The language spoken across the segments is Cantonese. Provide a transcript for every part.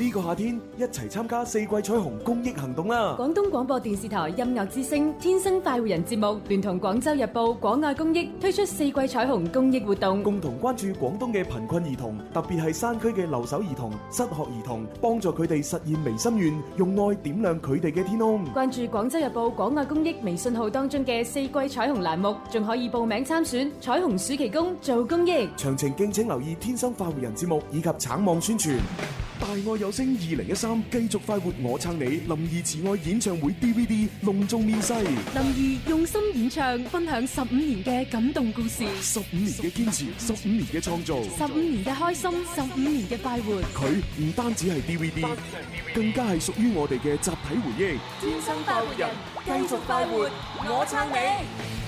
呢個夏天一齊參加四季彩虹公益行動啦！廣東廣播電視台音樂之聲天生快活人節目聯同廣州日報廣愛公益推出四季彩虹公益活動，共同關注廣東嘅貧困兒童，特別係山區嘅留守兒童、失學兒童，幫助佢哋實現微心願，用愛點亮佢哋嘅天空。關注廣州日報廣愛公益微信號當中嘅四季彩虹欄目，仲可以報名參選彩虹暑期工做公益。詳情敬請留意天生快活人節目以及橙網宣傳。大愛有聲，二零一三繼續快活我撐你林儀慈愛演唱會 DVD 隆重面世，林儀用心演唱，分享十五年嘅感動故事，十五年嘅堅持，十五年嘅創造，十五年嘅開心，十五年嘅快活。佢唔單止係 DVD，更加係屬於我哋嘅集體回憶。天生快活人，繼續快活，我撐你。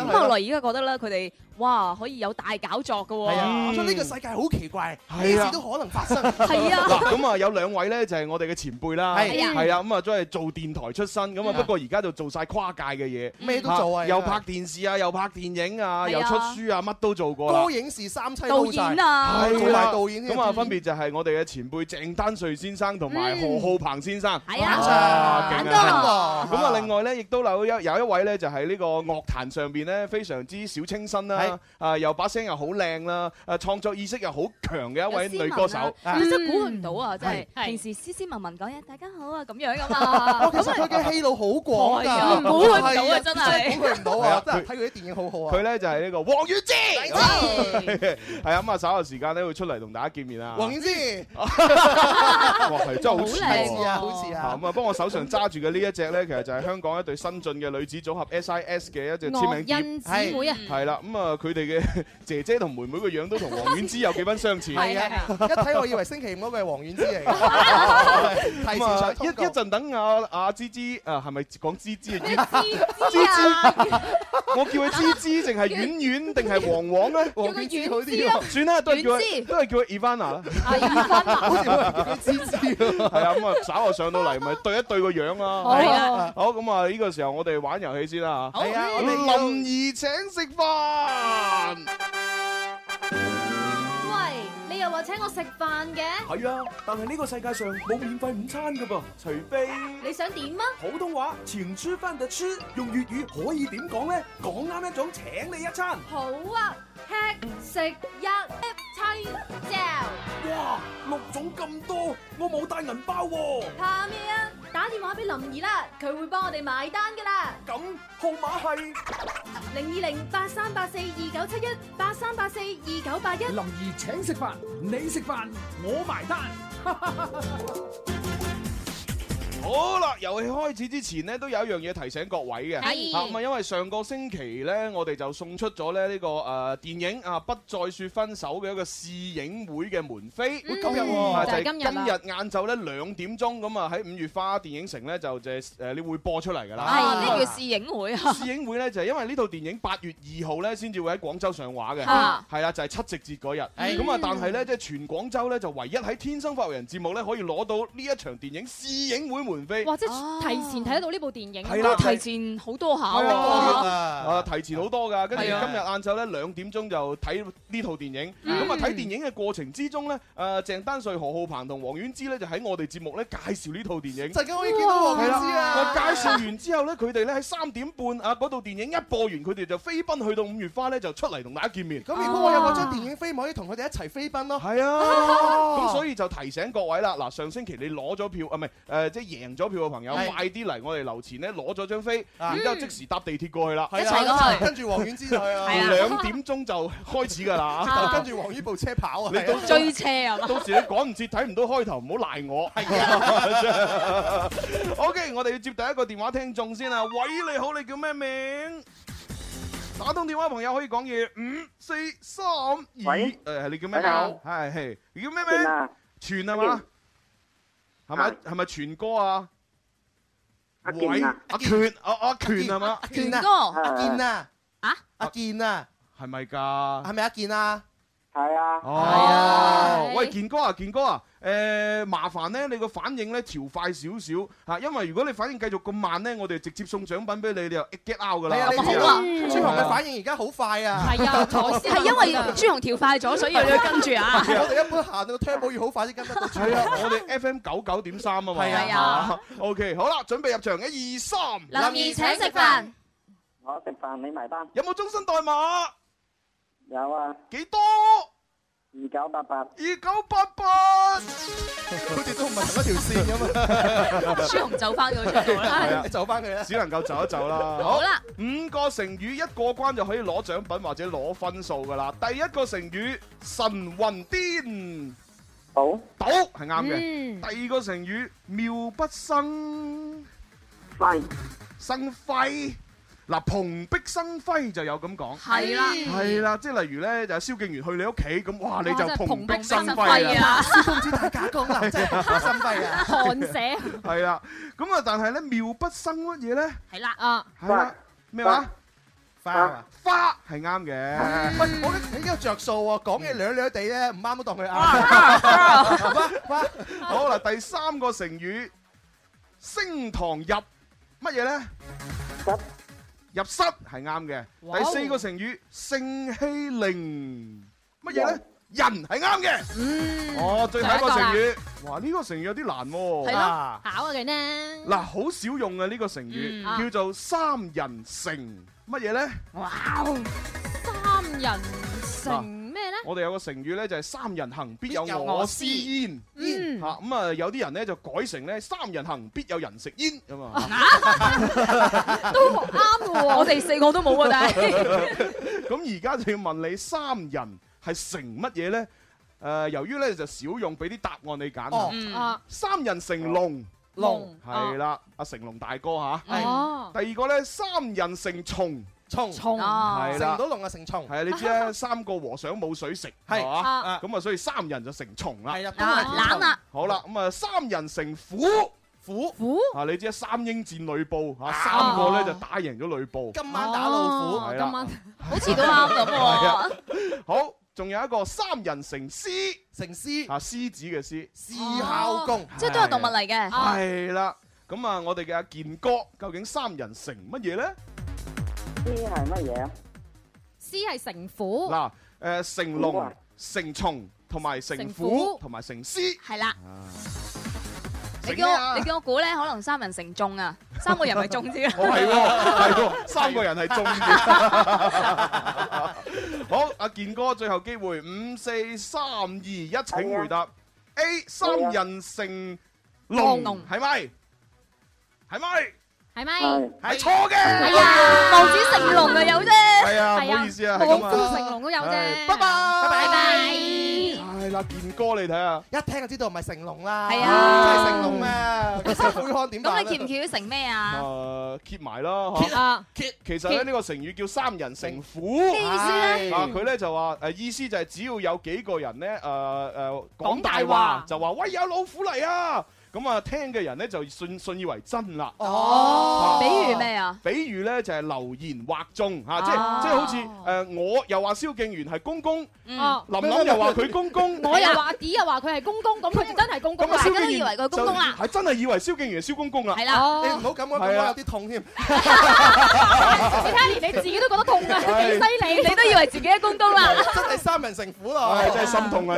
咁後來而家覺得咧，佢哋哇可以有大搞作嘅喎，咁呢個世界好奇怪，呢事都可能發生。係啊，咁啊有兩位咧就係我哋嘅前輩啦，係啊，係啊，咁啊都係做電台出身，咁啊不過而家就做晒跨界嘅嘢，咩都做啊，又拍電視啊，又拍電影啊，又出書啊，乜都做過啦。歌影視三棲導演啊，係啦，導演。咁啊分別就係我哋嘅前輩鄭丹瑞先生同埋何浩鵬先生，係啊，勁多。咁啊另外咧亦都留有一位咧就喺呢個樂壇上邊。咧非常之小清新啦，啊又把聲又好靚啦，啊創作意識又好強嘅一位女歌手，真係估唔到啊！真係平時斯斯文文講嘢，大家好啊咁樣噶嘛。我其實佢嘅戲路好廣㗎，估佢唔到啊！真係估佢唔到啊！真係睇佢啲電影好好啊。佢咧就係呢個王菀之，係啊咁啊稍後時間咧會出嚟同大家見面啊。王菀之，哇係真係好似啊，好似啊咁啊！幫我手上揸住嘅呢一隻咧，其實就係香港一對新晉嘅女子組合 SIS 嘅一隻簽名。恩子妹啊，係啦，咁啊，佢哋嘅姐姐同妹妹個樣都同王菀之有幾分相似，係啊，一睇我以為星期五嗰個係王菀之嚟。咁啊，一一陣等阿阿芝芝，誒，係咪講芝芝啊？芝芝，我叫佢芝芝，定係婉婉定係黃黃咧？婉芝咯，算啦，都係叫都係叫佢 Ivana 啦。啊 Ivana 我叫佢芝芝啊。係啊，咁啊，稍我上到嚟咪對一對個樣咯。係啊，好，咁啊，呢個時候我哋玩遊戲先啦吓。好，我哋而請食飯，喂，你又話請我食飯嘅？係啊，但係呢個世界上冇免費午餐噶噃，除非你想點啊？普通話，請出飯特出，用粵語可以點講咧？講啱一種，請你一餐。好啊。吃食一七照，哇，六種咁多，我冇帶銀包喎。怕咩啊？打電話俾林儀啦，佢會幫我哋埋單噶啦。咁號碼係零二零八三八四二九七一八三八四二九八一。林儀請食飯，你食飯，我埋單。好啦，遊戲開始之前呢，都有一樣嘢提醒各位嘅。咁、哎、啊，因為上個星期呢，我哋就送出咗咧呢個誒、呃、電影啊《不再説分手》嘅一個試影會嘅門飛。嗯、今日、啊、就係、是、今日晏晝咧兩點鐘咁啊，喺五月花電影城呢，就誒誒、啊，你會播出嚟㗎啦。係。呢個試影會啊。試影會呢，就係、是、因為呢套電影八月二號呢，先至會喺廣州上畫嘅。嚇、啊。係啦、啊，就係、是、七夕節嗰日。咁啊，但係呢，即係全廣州呢，就唯一喺《天生快活人》節目呢，可以攞到呢一場電影試影會。或者提前睇得到呢部電影，都提前好多下啊！啊，提前好多㗎，跟住今日晏晝咧兩點鐘就睇呢套電影。咁啊，睇電影嘅過程之中咧，誒鄭丹瑞、何浩鵬同王菀之咧就喺我哋節目咧介紹呢套電影。大家可以見到王菀之啊！介紹完之後咧，佢哋咧喺三點半啊嗰套電影一播完，佢哋就飛奔去到五月花咧，就出嚟同大家見面。咁如果我有個張電影飛，咪可以同佢哋一齊飛奔咯。係啊，咁所以就提醒各位啦。嗱，上星期你攞咗票啊，唔係誒，即係贏咗票嘅朋友，快啲嚟我哋樓前咧，攞咗張飛，然之後即時搭地鐵過去啦。跟住王菀之，兩點鐘就開始噶啦，跟住王菀之部車跑啊。你追車啊？到時你趕唔切睇唔到開頭，唔好賴我。係啊。OK，我哋要接第一個電話聽眾先啊。喂，你好，你叫咩名？打通電話朋友可以講嘢。五、四、三、二。喂。誒，你叫咩名？係係。叫咩名？全啊嘛。係咪係咪全哥啊？阿健阿權哦哦，權係阿權哥，阿健啊？喂，啊？阿健啊？係咪噶？係咪阿健啊？係啊！哦，喂，健哥啊，健哥啊，誒，麻煩咧，你個反應咧調快少少吓，因為如果你反應繼續咁慢咧，我哋直接送獎品俾你，你就 get out 噶啦。係啊，好啊！朱紅嘅反應而家好快啊！係啊，係因為朱紅調快咗，所以要跟住啊。我哋一般行到聽寶要好快先跟得得追啊！我哋 FM 九九點三啊嘛。係啊。OK，好啦，準備入場，一二三。林二請食飯。我食飯，你埋單。有冇終身代碼？有啊，幾多？二九八八，二九八八，佢哋都唔係同一條線噶嘛，想唔想走翻嘅？係啊，走翻佢啫，只能夠走一走啦。好啦，五個成語，一過關就可以攞獎品或者攞分數噶啦。第一個成語神魂顛，倒，倒係啱嘅。第二個成語妙不生，廢，生廢。嗱，蓬蓽生輝就有咁講，係啦，係啦，即係例如咧，就係蕭敬元去你屋企咁，哇，你就蓬蓬蓽生輝啦，蕭公子都係大家講啦，蓬蓽生輝啊，寒舍。係啦，咁啊，但係咧，妙不生乜嘢咧？係啦，啊，係啦，咩話？花啊，花係啱嘅，我覺得你依家着數喎，講嘢略略地咧，唔啱都當佢啱。花花，好啦，第三個成語，升堂入乜嘢咧？入室係啱嘅，Wow. 第四個成語性欺凌。乜嘢咧？Wow. 人係啱嘅。Mm, 哦，最，最後一個成語，哇呢，呢個成語有啲難喎。考下佢呢？嗱，好少用嘅，啊，呢，呢個成語，mm, uh. 叫做三人成乜嘢咧？哇，wow. 三人成。啊我哋有個成語咧，就係、是、三人行必有我師焉。吓咁、嗯、啊，嗯、有啲人咧就改成咧三人行必有人食煙咁嘛，啊、都唔啱喎，我哋四個都冇嘅。咁而家就要問你，三人係成乜嘢咧？誒、呃，由於咧就少用，俾啲答案你揀、哦啊啊啊。啊，啊，三人成龍，龍係啦，阿成龍大哥吓。哦，第二個咧，三人成蟲。蟲，係啦，成唔到龍啊，成蟲。係啊，你知啦，三個和尚冇水食，係啊，咁啊，所以三人就成蟲啦。係啦，都係同頭。好啦，咁啊，三人成虎，虎，啊，你知啦，三英戰呂布，啊，三個咧就打贏咗呂布。今晚打老虎，今晚，好似都啱咁。係啊，好，仲有一個三人成獅，成獅啊，獅子嘅獅，獅哮功，即係都係動物嚟嘅。係啦，咁啊，我哋嘅阿健哥究竟三人成乜嘢咧？C 係乜嘢啊？C 係成虎嗱，誒，成龍、成蟲同埋成虎同埋成獅係啦。你叫我你叫我估咧，可能三人成眾啊，三個人係眾啲啦。係喎，係喎，三個人係眾啲。好，阿健哥，最後機會，五四三二一，請回答。A，三人成龍係咪？係咪？係咪？係錯嘅。哎呀，望子成龍啊，有啫。係啊，唔好意思啊，係咁成龍都有啫。拜拜拜拜。係啦，健哥，你睇下，一聽就知道唔係成龍啦。係啊，真係成龍咩？咁你揭唔揭到成咩啊？誒，揭埋咯。揭啊！揭，其實咧呢個成語叫三人成虎。咩意思咧？佢咧就話誒，意思就係只要有幾個人咧，誒誒講大話，就話喂有老虎嚟啊！咁啊，聽嘅人咧就信信以為真啦。哦，比如咩啊？比如咧就係流言惑眾嚇，即係即係好似誒我又話蕭敬源係公公，林林又話佢公公，我又話子又話佢係公公，咁佢哋真係公公，大家都以為佢公公啦，係真係以為蕭敬源蕭公公啦。係啦，你唔好咁講，我有啲痛添。你睇下，連你自己都覺得痛㗎，幾犀利？你都以為自己係公公啦，真係三人成虎咯。真係心痛啊！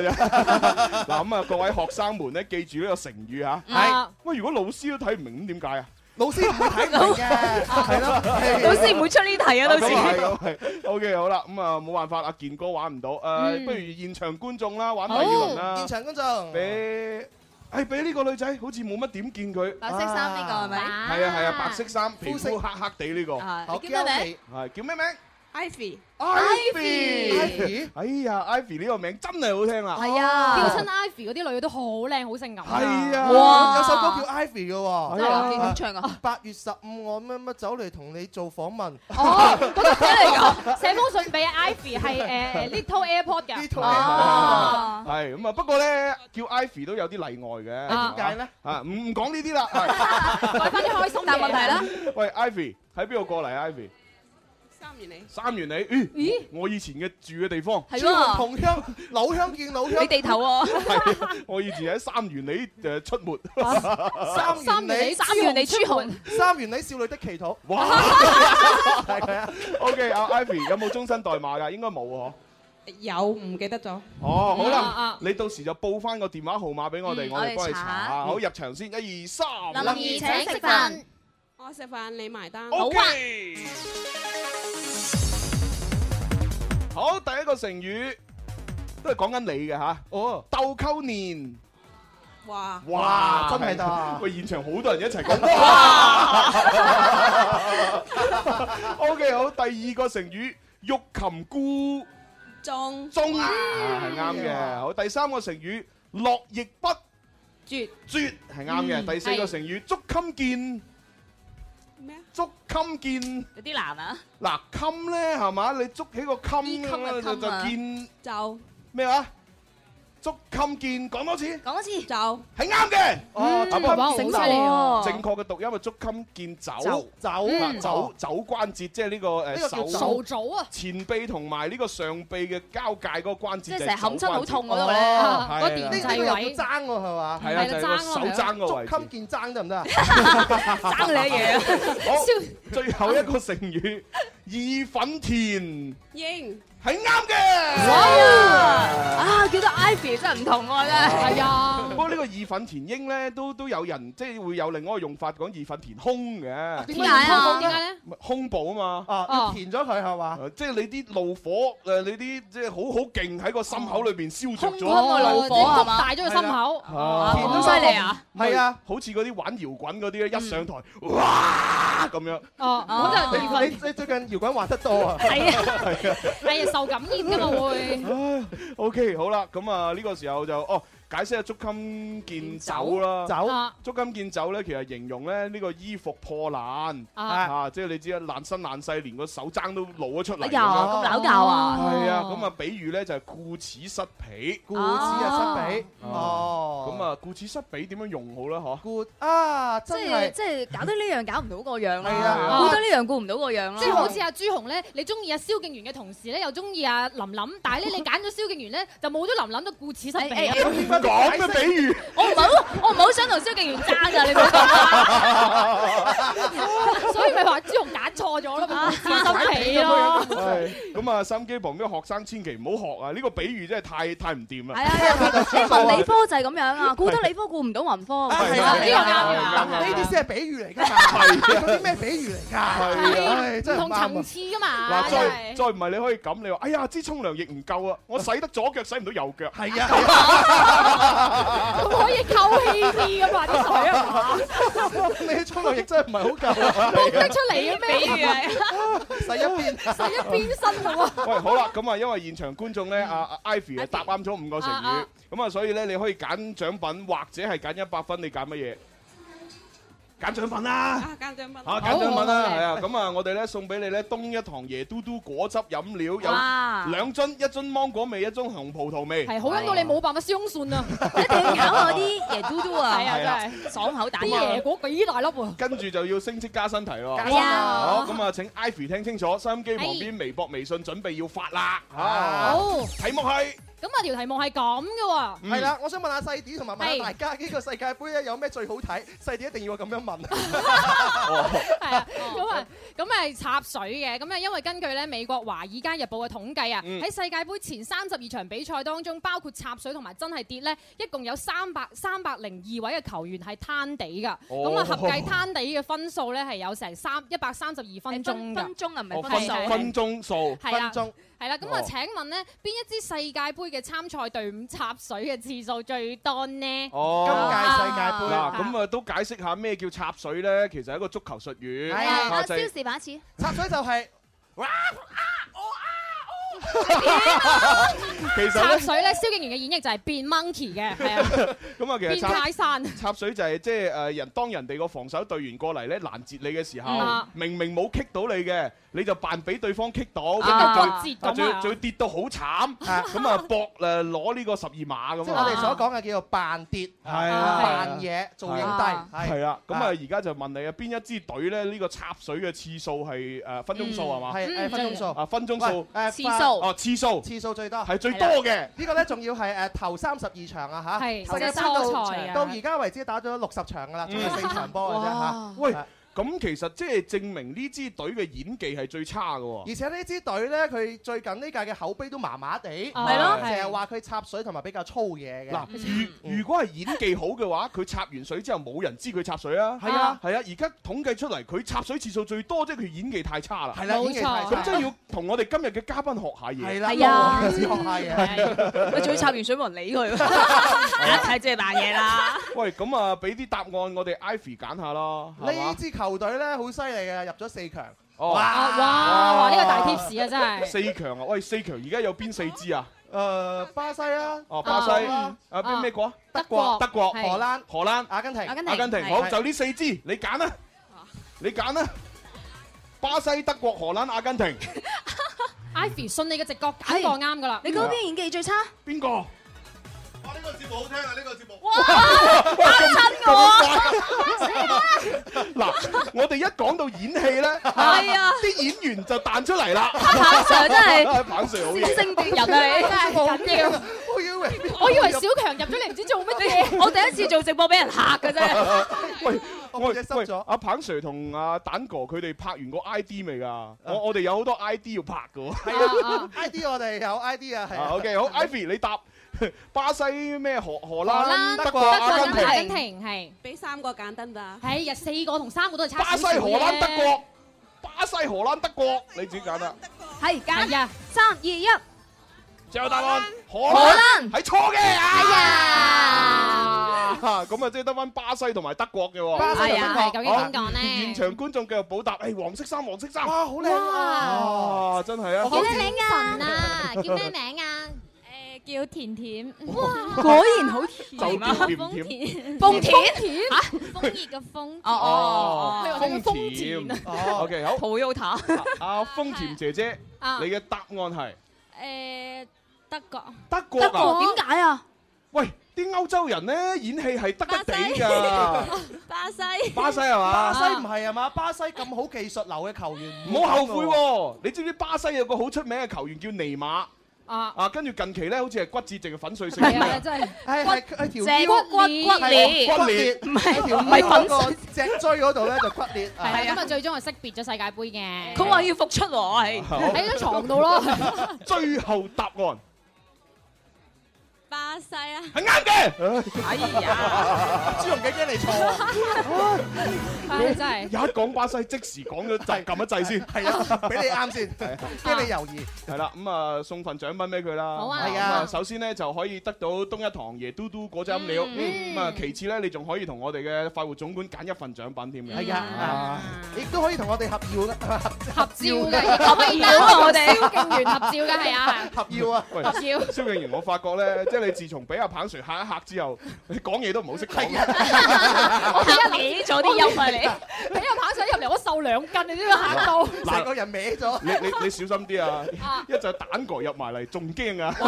嗱咁啊，各位學生們咧，記住呢個成語嚇。係，喂！如果老師都睇唔明咁點解啊？老師睇唔明嘅，係咯，老師唔會出呢題啊！老師，咁係咁係，OK 好啦，咁啊冇辦法啊，健哥玩唔到，誒不如現場觀眾啦，玩第二輪啦，現場觀眾，俾誒俾呢個女仔，好似冇乜點見佢，白色衫呢個係咪？係啊係啊，白色衫，皮膚黑黑地呢個，好叫咩名？係叫咩名？Ivy，Ivy，Ivy，哎呀，Ivy 呢個名真係好聽啊。係啊，叫親 Ivy 嗰啲女嘅都好靚好性感。係啊，有首歌叫 Ivy 嘅。真係好唱啊！八月十五我乜乜走嚟同你做訪問。哦，嗰個仔嚟噶，寫封信俾 Ivy 係誒 Little Airport 嘅。Little Airport。哦，係咁啊，不過咧叫 Ivy 都有啲例外嘅，點解咧？啊，唔講呢啲啦，改翻啲開心答問題啦。喂，Ivy 喺邊度過嚟，Ivy？三元里，咦？我以前嘅住嘅地方，係咯，同鄉，老鄉見老鄉，你地頭喎。係，我以前喺三元里誒出沒。三元里，三元里，三元里出沒，三元里少女的祈禱。哇！係啊，OK，阿 Ivy 有冇終身代碼噶？應該冇嗬。有？唔記得咗？哦，好啦，你到時就報翻個電話號碼俾我哋，我哋幫你查下。好，入場先，一二三。林林兒請食飯。我食飯你埋單。O K，好，第一個成語都係講緊你嘅吓。哦，斗溝年。哇！哇，真係得。喂，現場好多人一齊講。O K，好，第二個成語欲擒故。縱。縱。係啱嘅。好，第三個成語絡繹不絕。絕。係啱嘅。第四個成語捉襟見。捉襟見有啲難啊！嗱襟咧係嘛？你捉起個襟咧就見就咩話？Yeah. 捉襟見，講多次，講多次，肘，係啱嘅。哦，大伯，你好犀利哦！正確嘅讀音係捉襟見肘。肘啊，肘肘關節，即係呢個誒手。呢個叫手肘啊！前臂同埋呢個上臂嘅交界嗰個關節。即係成日冚親好痛，我覺得。嗰電燈仔又爭喎係嘛？係啊，踭手踭嘅為捉襟見踭得唔得啊？爭你嘢！好，最後一個成語，意粉田英。係啱嘅，哇啊，叫到 Ivy 真係唔同我啦，係啊。不過呢個義憤填膺咧，都都有人即係會有另外一個用法講義憤填空嘅。點解啊？點解咧？唔係胸部啊嘛。啊，填咗佢係嘛？即係你啲怒火誒，你啲即係好好勁喺個心口裏邊消逐咗，空大咗個心口，填到犀利啊！係啊，好似嗰啲玩搖滾嗰啲咧，一上台哇咁樣。哦哦。你你最近搖滾話得多啊？係啊係啊係啊。受感染㗎嘛會，OK 好、well，啦，咁啊呢個時候就哦。解釋下捉襟見肘啦，捉襟見肘咧其實形容咧呢個衣服破爛啊，即係你知啦，爛身爛世連個手踭都露咗出嚟。咁搞教啊？係啊，咁啊，比喻咧就係顧此失彼，顧此失彼。哦，咁啊，顧此失彼點樣用好啦？嗬？顧啊，即係即係搞得呢樣搞唔到個樣啊，「顧得呢樣顧唔到個樣啦。即係好似阿朱紅咧，你中意阿蕭敬元嘅同時咧，又中意阿林琳，但係咧你揀咗蕭敬元咧，就冇咗林琳。「都顧此失彼講嘅比喻，我唔好，我唔好想同蕭敬元爭㗎，你明唔明？所以咪話朱紅揀錯咗咯嘛，心機咯。咁啊，收音機旁邊學生千祈唔好學啊！呢個比喻真係太太唔掂啦。係啊，你文理科就係咁樣啊，顧得理科顧唔到文科。係啊，呢個啱啊。呢啲先係比喻嚟㗎嘛，嗰啲咩比喻嚟㗎？係，即係同層次㗎嘛。再再唔係你可以咁，你話：哎呀，支沖涼液唔夠啊，我洗得左腳洗唔到右腳。係啊。 可以夠氣啲㗎嘛啲水啊嘛？ 你沖涼液真係唔係好夠，蒸 出嚟嘅咩嘅？ 洗一邊，洗一邊身嘅喎。喂，好啦，咁啊，因為現場觀眾咧，阿、啊啊、Ivy 啊答啱咗五個成語，咁 啊，啊所以咧你可以揀獎，獎品或者係揀一百分，你揀乜嘢？揀獎品啦，啊揀獎品，啊揀獎品啦，係啊，咁啊，我哋咧送俾你咧東一堂椰嘟嘟果汁飲料有兩樽，一樽芒果味，一樽紅葡萄味，係好飲到你冇辦法相信啊！一定要搞下啲椰嘟嘟啊，係啊，真係爽口，但啲椰果幾大粒喎。跟住就要升職加薪題喎，好咁啊，請 Ivy 聽清楚，收音機旁邊微博微信準備要發啦，吓好題目係。咁啊條題目係咁嘅喎，係啦，我想問下細啲同埋問下大家，呢個世界杯咧有咩最好睇？細啲一定要咁樣問，係啊，咁啊，咁啊插水嘅，咁啊因為根據咧美國華爾街日報嘅統計啊，喺世界杯前三十二場比賽當中，包括插水同埋真係跌咧，一共有三百三百零二位嘅球員係攤地噶，咁啊合計攤地嘅分數咧係有成三一百三十二分鐘，分鐘啊唔係分數，分鐘數，分鐘，係啦，咁啊請問呢邊一支世界杯？嘅參賽隊伍插水嘅次數最多呢？哦，今屆世界杯。嗱，咁啊，都解釋下咩叫插水咧？其實係一個足球術語。係啊，超時玩一次。插水就係、是。 其實插水咧，蕭敬騰嘅演繹就係變 monkey 嘅。咁啊，其實插水就係即係誒，人當人哋個防守隊員過嚟咧，攔截你嘅時候，明明冇 kick 到你嘅，你就扮俾對方 kick 到，跟住、跟住，仲要跌到好慘，咁啊，搏誒攞呢個十二碼咁。即係我哋所講嘅叫做扮跌。係啊，扮嘢做影帝。係啊，咁啊，而家就問你啊，邊一支隊咧呢個插水嘅次數係誒分鐘數係嘛？係分鐘數啊，分鐘數誒次數。哦，次數，次數最多，係最多嘅。 呢個咧仲要係誒、啊、頭三十二場啊嚇，世界賽到到而家為止打咗六十場㗎啦，仲、嗯、有四場波嘅啫嚇。哇 啊、喂！咁其實即係證明呢支隊嘅演技係最差嘅，而且呢支隊咧佢最近呢屆嘅口碑都麻麻地，係咯，成日話佢插水同埋比較粗嘢嘅。嗱，如如果係演技好嘅話，佢插完水之後冇人知佢插水啊。係啊，係啊，而家統計出嚟佢插水次數最多，即係佢演技太差啦。係啦，冇錯，咁即係要同我哋今日嘅嘉賓學下嘢。係啦，係啊，先學下嘢，佢仲要插完水冇人理佢，係真係扮嘢啦。喂，咁啊，俾啲答案我哋 Ivy 揀下啦，係呢支球隊咧好犀利嘅，入咗四強。哇！哇！呢個大貼士啊，真係。四強啊！喂，四強而家有邊四支啊？誒，巴西啊，哦，巴西啊，邊咩國？德國，德國，荷蘭，荷蘭，阿根廷，阿根廷。好，就呢四支，你揀啊！你揀啊！巴西、德國、荷蘭、阿根廷。Ivy，信你嘅直覺，揀個啱㗎啦。你嗰邊演技最差？邊個？呢個節目好聽啊！呢個節目，哇！蛋哥，嗱，我哋一講到演戲咧，係啊，啲演員就彈出嚟啦。彭 Sir 真係，小強入嚟真係緊要。我以為我以為小強入咗嚟唔知做乜嘢。我第一次做直播俾人吓㗎啫！喂，我只收咗。阿彭 Sir 同阿蛋哥佢哋拍完個 ID 未噶？我我哋有好多 ID 要拍㗎。係啊，ID 我哋有 ID 啊。係。OK，好，Ivy 你答。巴西咩？荷荷蘭、德國、阿根廷，阿根廷係俾三個簡單咋，係入四個同三個都係差唔多嘅。巴西、荷蘭、德國，巴西、荷蘭、德國，你自己揀啦。係，加一三二一。最後答案。荷蘭，荷蘭係錯嘅啊！咁啊，即係得翻巴西同埋德國嘅喎。係啊，究竟點講咧？現場觀眾繼續補答，誒，黃色衫、黃色衫，哇，好靚啊！哇，真係啊！叫咩名啊？叫咩名啊？叫甜甜，哇！果然好甜甜甜甜甜，甜甜，甜啊，風熱嘅風哦，風甜，OK 好，好 U 塔，阿豐田姐姐，你嘅答案係誒德國，德國，德國點解啊？喂，啲歐洲人咧演戲係得得地嘅，巴西，巴西係嘛？巴西唔係係嘛？巴西咁好技術流嘅球員，唔好後悔喎！你知唔知巴西有個好出名嘅球員叫尼馬？啊！啊！跟住近期咧，好似係骨折定係粉碎性啊！唔係，真係係係係骨骨裂，骨裂唔係唔係粉碎，脊椎嗰度咧就骨裂。咁啊！最終係識別咗世界盃嘅，佢話要復出喎，喺喺張牀度咯。最後答案。巴西啊，係啱嘅。哎呀，朱龍幾驚你錯啊！真係一講巴西，即時講咗滯，撳一掣先。係啊，俾你啱先，驚你猶豫。係啦，咁啊送份獎品俾佢啦。好啊，係啊。首先咧就可以得到東一堂椰嘟嘟果汁飲料。咁啊，其次咧你仲可以同我哋嘅快活總管揀一份獎品添。嘅！係啊，亦都可以同我哋合照合照嘅，合唔合影我哋。蕭敬元合照嘅係啊，合照啊，合照。蕭敬元我發覺咧，即係。你自從俾阿棒 Sir 嚇一嚇之後，你講嘢都唔好識聽。我俾你攰咗啲音啊！你俾阿棒 Sir 入嚟，我瘦兩斤，你都要嚇到。成個人歪咗。你你你小心啲啊！一隻蛋殼入埋嚟，仲驚啊！係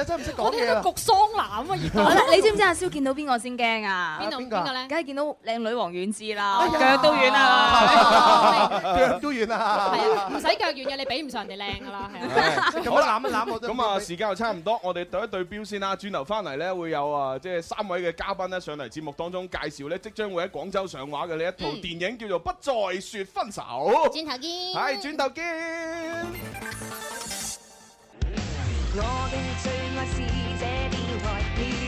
啊，真係唔識講嘢啦！焗桑拿啊！熱到你知唔知阿蕭見到邊個先驚啊？邊度邊個咧？梗係見到靚女王菀之啦，腳都軟啦，腳都軟啦，唔使腳軟嘅你比唔上人哋靚噶啦，係啊。咁攬一攬我，咁啊時間又差唔多，我哋。對一對標先啦，轉頭翻嚟呢，會有啊，即、呃、係三位嘅嘉賓呢，上嚟節目當中介紹呢，即將會喺廣州上畫嘅呢一套電影，嗯，叫做《不再說分手》。轉頭見，係轉頭見。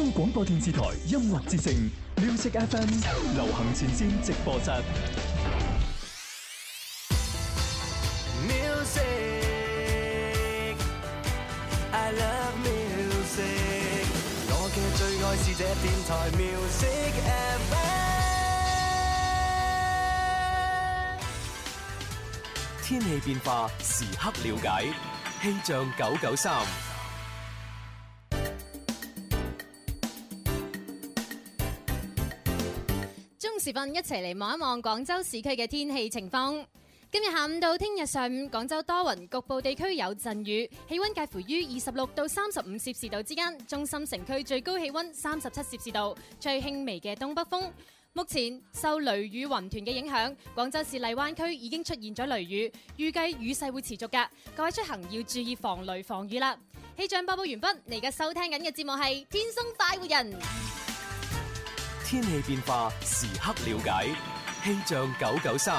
東廣播電視台音樂之聲 Music FM 流行前線直播室。Music I love music。我嘅最愛是這電台 Music FM。天氣變化，時刻了解，氣象九九三。時分一齊嚟望一望廣州市區嘅天氣情況。今日下午到聽日上午，廣州多雲，局部地區有陣雨，氣溫介乎於二十六到三十五攝氏度之間，中心城區最高氣溫三十七攝氏度，吹輕微嘅東北風。目前受雷雨雲團嘅影響，廣州市荔灣區已經出現咗雷雨，預計雨勢會持續噶，各位出行要注意防雷防雨啦。氣象播報完畢，你而家收聽緊嘅節目係《天生快活人》。天氣變化，時刻了解氣象九九三。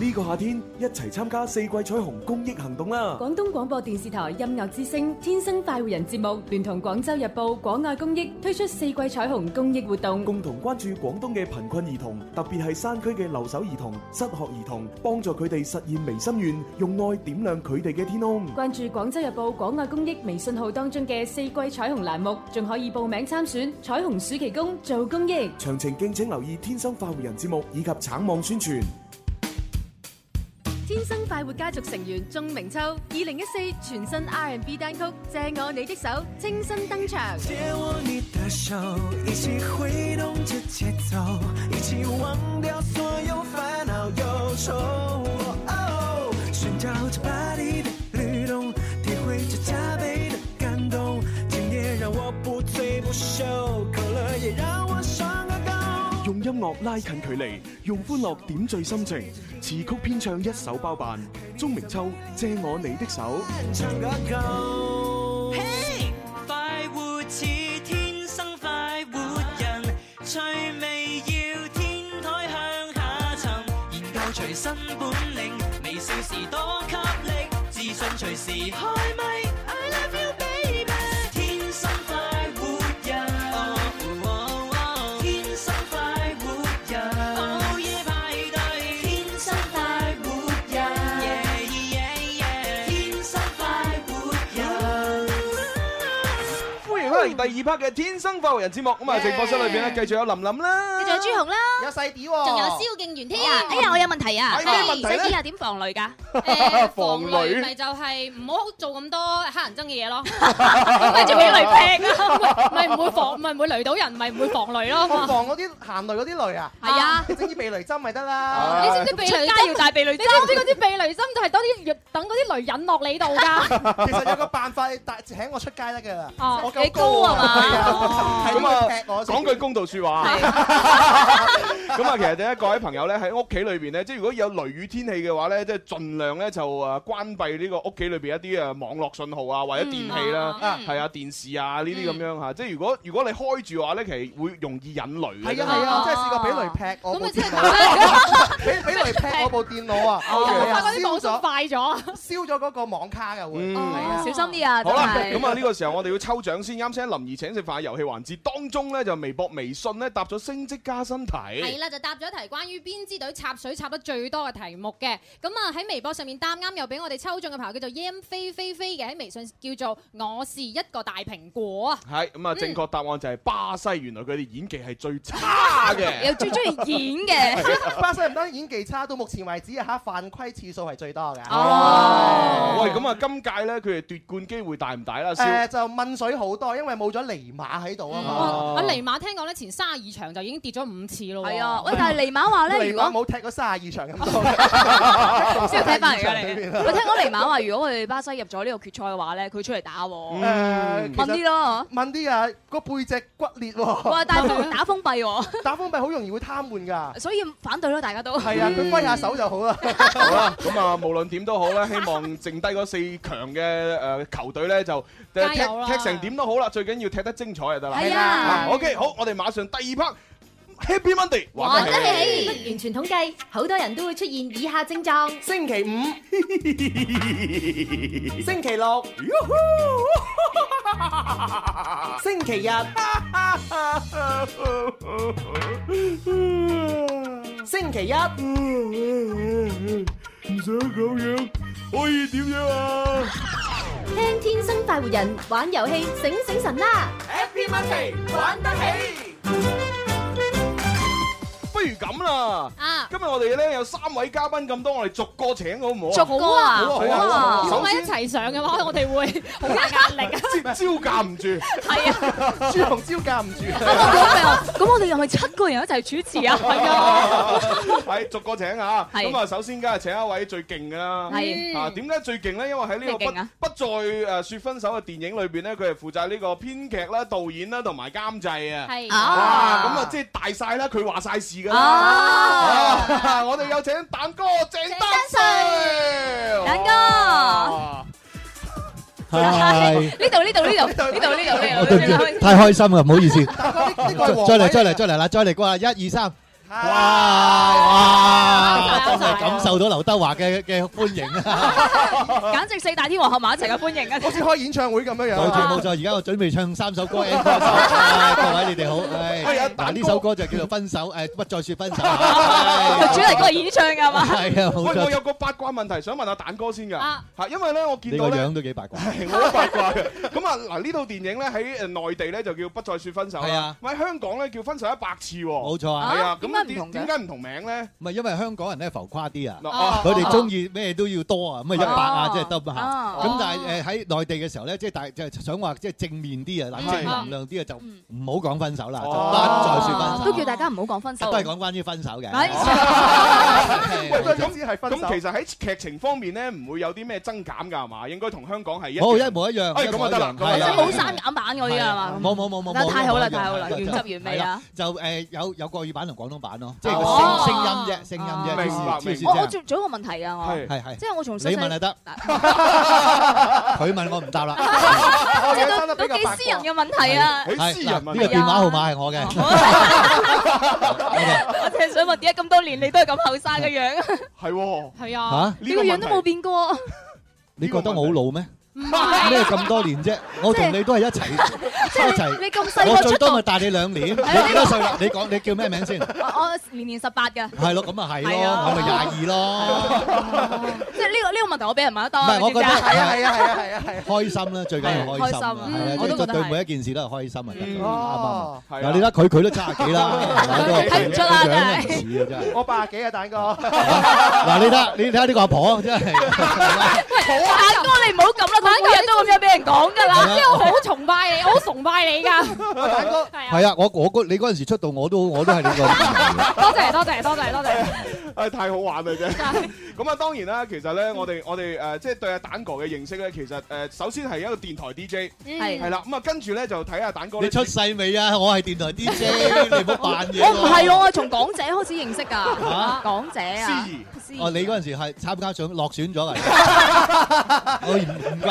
呢個夏天一齊參加四季彩虹公益行動啦！廣東廣播電視台音樂之聲《天生快活人》節目聯同廣州日報廣愛公益推出四季彩虹公益活動，共同關注廣東嘅貧困兒童，特別係山區嘅留守兒童、失學兒童，幫助佢哋實現微心願，用愛點亮佢哋嘅天空。關注廣州日報廣愛公益微信號當中嘅四季彩虹欄目，仲可以報名參選彩虹暑期工做公益。詳情敬請留意《天生快活人》節目以及橙網宣傳。天生快活家族成員鍾明秋，二零一四全新 R&B 單曲《借我你的手》清新登場。音樂拉近距離，用歡樂點綴心情，詞曲編唱一手包辦。鍾明秋《借我你的手》，Hey! 快活似天生快活人，趣味要天台向下沉，研究隨身本領，微笑時多給力，自信隨時開咪。嚟第二 part 嘅天生快活人節目，咁啊直播室裏邊咧繼續有林林啦，繼續有朱紅啦，有細啲，仲有蕭敬元添啊！哎呀，我有問題啊！我有問題啊！唔使知啊點防雷噶？誒，防雷咪就係唔好做咁多黑人憎嘅嘢咯，咁咪仲俾雷劈咯？咪唔會防，咪唔會雷到人，咪唔會防雷咯？防嗰啲行雷嗰啲雷啊？係啊！整啲避雷針咪得啦！你知唔知避雷針要戴避雷針？你知唔知嗰啲避雷針就係多啲等嗰啲雷引落你度噶？其實有個辦法，大請我出街得噶啦！哦，你高。係啊，咁啊，講句公道説話。咁啊，其實第一各位朋友咧喺屋企裏邊咧，即係如果有雷雨天氣嘅話咧，即係盡量咧就啊關閉呢個屋企裏邊一啲啊網絡信號啊或者電器啦，啊係，啊電視啊呢啲咁樣嚇。即係如果如果你開住嘅話咧，其實會容易引雷。係啊係啊，即係試過俾雷劈我，俾俾雷劈我部電腦啊，燒咗，快咗，燒咗嗰個網卡嘅會，小心啲啊！好啦，咁啊呢個時候我哋要抽獎先，啱先。林怡請食飯嘅遊戲環節當中咧，就微博、微信咧答咗升職加薪題，係啦，就答咗一題關於邊支隊插水插得最多嘅題目嘅。咁啊喺微博上面答啱，又俾我哋抽中嘅朋友叫做 Yam 飛飛飛嘅，喺微信叫做我是一個大蘋果。係咁啊，嗯、正確答案就係巴西，原來佢哋演技係最差嘅， 又最中意演嘅。 巴西唔單演技差，到目前為止啊嚇犯規次數係最多嘅。哦，哦哦喂，咁啊今屆咧佢哋奪冠機會大唔大啦？誒、呃，就問水好多，因為。係冇咗尼馬喺度啊嘛！啊尼馬聽講咧，前卅二場就已經跌咗五次咯。係啊，喂！但係尼馬話咧，如果冇踢過卅二場咁多，先睇翻嚟嘅。我聽講尼馬話，如果佢巴西入咗呢個決賽嘅話咧，佢出嚟打。誒，問啲咯，問啲啊！個背脊骨裂。哇！但係打封閉，打封閉好容易會癱瘓噶。所以反對咯，大家都。係啊，佢揮下手就好啦。咁啊，無論點都好啦，希望剩低嗰四強嘅誒球隊咧，就踢踢成點都好啦。最緊要踢得精彩就得啦。係啊，OK，好，我哋馬上第二 part。Happy Monday，玩得起。完全統計，好多人都會出現以下症狀：星期五，星期六，星期日，星期一。唔想咁樣，可以點樣啊？聽天生快活人，玩遊戲醒醒神啦，啊、Happy M C 玩得起。不如咁啦，今日我哋咧有三位嘉賓咁多，我哋逐個請好唔好啊？逐個啊，首先一齊上嘅話，我哋會好大壓力啊，招架唔住，係啊，朱紅招架唔住。咁我講未啊？咁我哋又係七個人一齊主持啊？係啊，係逐個請啊，咁啊，首先梗係請一位最勁嘅啦，係啊，點解最勁咧？因為喺呢個不不再誒説分手嘅電影裏邊咧，佢係負責呢個編劇啦、導演啦同埋監製啊，係啊，咁啊，即係大曬啦，佢話曬事嘅。哦，我哋有請蛋哥，鄭丹瑞，蛋哥，係，呢度呢度呢度呢度呢度呢度，太開心啦！唔好意思，蛋哥呢個再嚟再嚟再嚟啦，再嚟啩，一二三。哇哇！真係感受到劉德華嘅嘅歡迎啊，簡直四大天王合埋一齊嘅歡迎啊！好似開演唱會咁樣樣。對住冇錯，而家我準備唱三首歌，多謝各位你哋好。嗱呢首歌就叫做《分手》，誒《不再說分手》。佢主題歌係演唱㗎嘛？係啊，冇錯。我有個八卦問題想問下蛋哥先㗎，嚇，因為咧我見到咧，個樣都幾八卦，好八卦嘅。咁啊，嗱呢套電影咧喺誒內地咧就叫《不再說分手》啦，喺香港咧叫《分手一百次》喎，冇錯啊，係啊，咁咧。點解唔同名咧？唔係因為香港人咧浮誇啲啊，佢哋中意咩都要多啊，咁啊一百啊，即係得嚇。咁但係誒喺內地嘅時候咧，即係大就係想話即係正面啲啊，即係正能量啲啊，就唔好講分手啦，就不再說分手。都叫大家唔好講分手。都係講關於分手嘅。喂，咁先係分手。咁其實喺劇情方面咧，唔會有啲咩增減㗎，係嘛？應該同香港係冇一模一樣。誒咁就得㗎嘛，即係冇刪減版嗰啲係嘛？冇冇冇冇，太好啦，太好啦，原汁原味啊！就誒有有國語版同廣東版。即係聲聲音啫，聲音啫。我我仲有一個問題啊，係係，即係我從你問就得，佢問我唔答啦。呢啲都都幾私人嘅問題啊，係私人問題啊。呢個電話號碼係我嘅。我正想問，點解咁多年你都係咁後生嘅樣啊？係係啊，吓你個樣都冇變過。你覺得我好老咩？咩咁多年啫？我同你都係一齊，一齊。你咁細個我最多咪大你兩年。你幾多歲啦？你講，你叫咩名先？我年年十八嘅。係咯，咁咪係咯，我咪廿二咯。即係呢個呢個問題，我俾人問得多。唔係，我覺得係啊係啊係啊係啊，開心啦，最緊要開心。我都覺得係對每一件事都係開心啊。啱嗱，你睇下佢，佢都七廿幾啦，睇得出啦，真係。我八廿幾啊，大哥。嗱，你睇下你睇下呢個阿婆，真係。阿哥，你唔好咁啦。阿蛋哥都咁樣俾人講㗎啦，因為我好崇拜你，我好崇拜你㗎。蛋哥，係啊，係啊，我我嗰你嗰陣時出道，我都我都係呢個。多謝多謝多謝多謝，誒太好玩啦啫。咁啊，當然啦，其實咧，我哋我哋誒，即係對阿蛋哥嘅認識咧，其實誒，首先係一個電台 DJ 係啦。咁啊，跟住咧就睇下蛋哥。你出世未啊？我係電台 DJ，你唔好扮嘢。我唔係，我係從港姐開始認識㗎。嚇，港姐啊？思怡。哦，你嗰陣時係參加選落選咗㗎。我唔唔。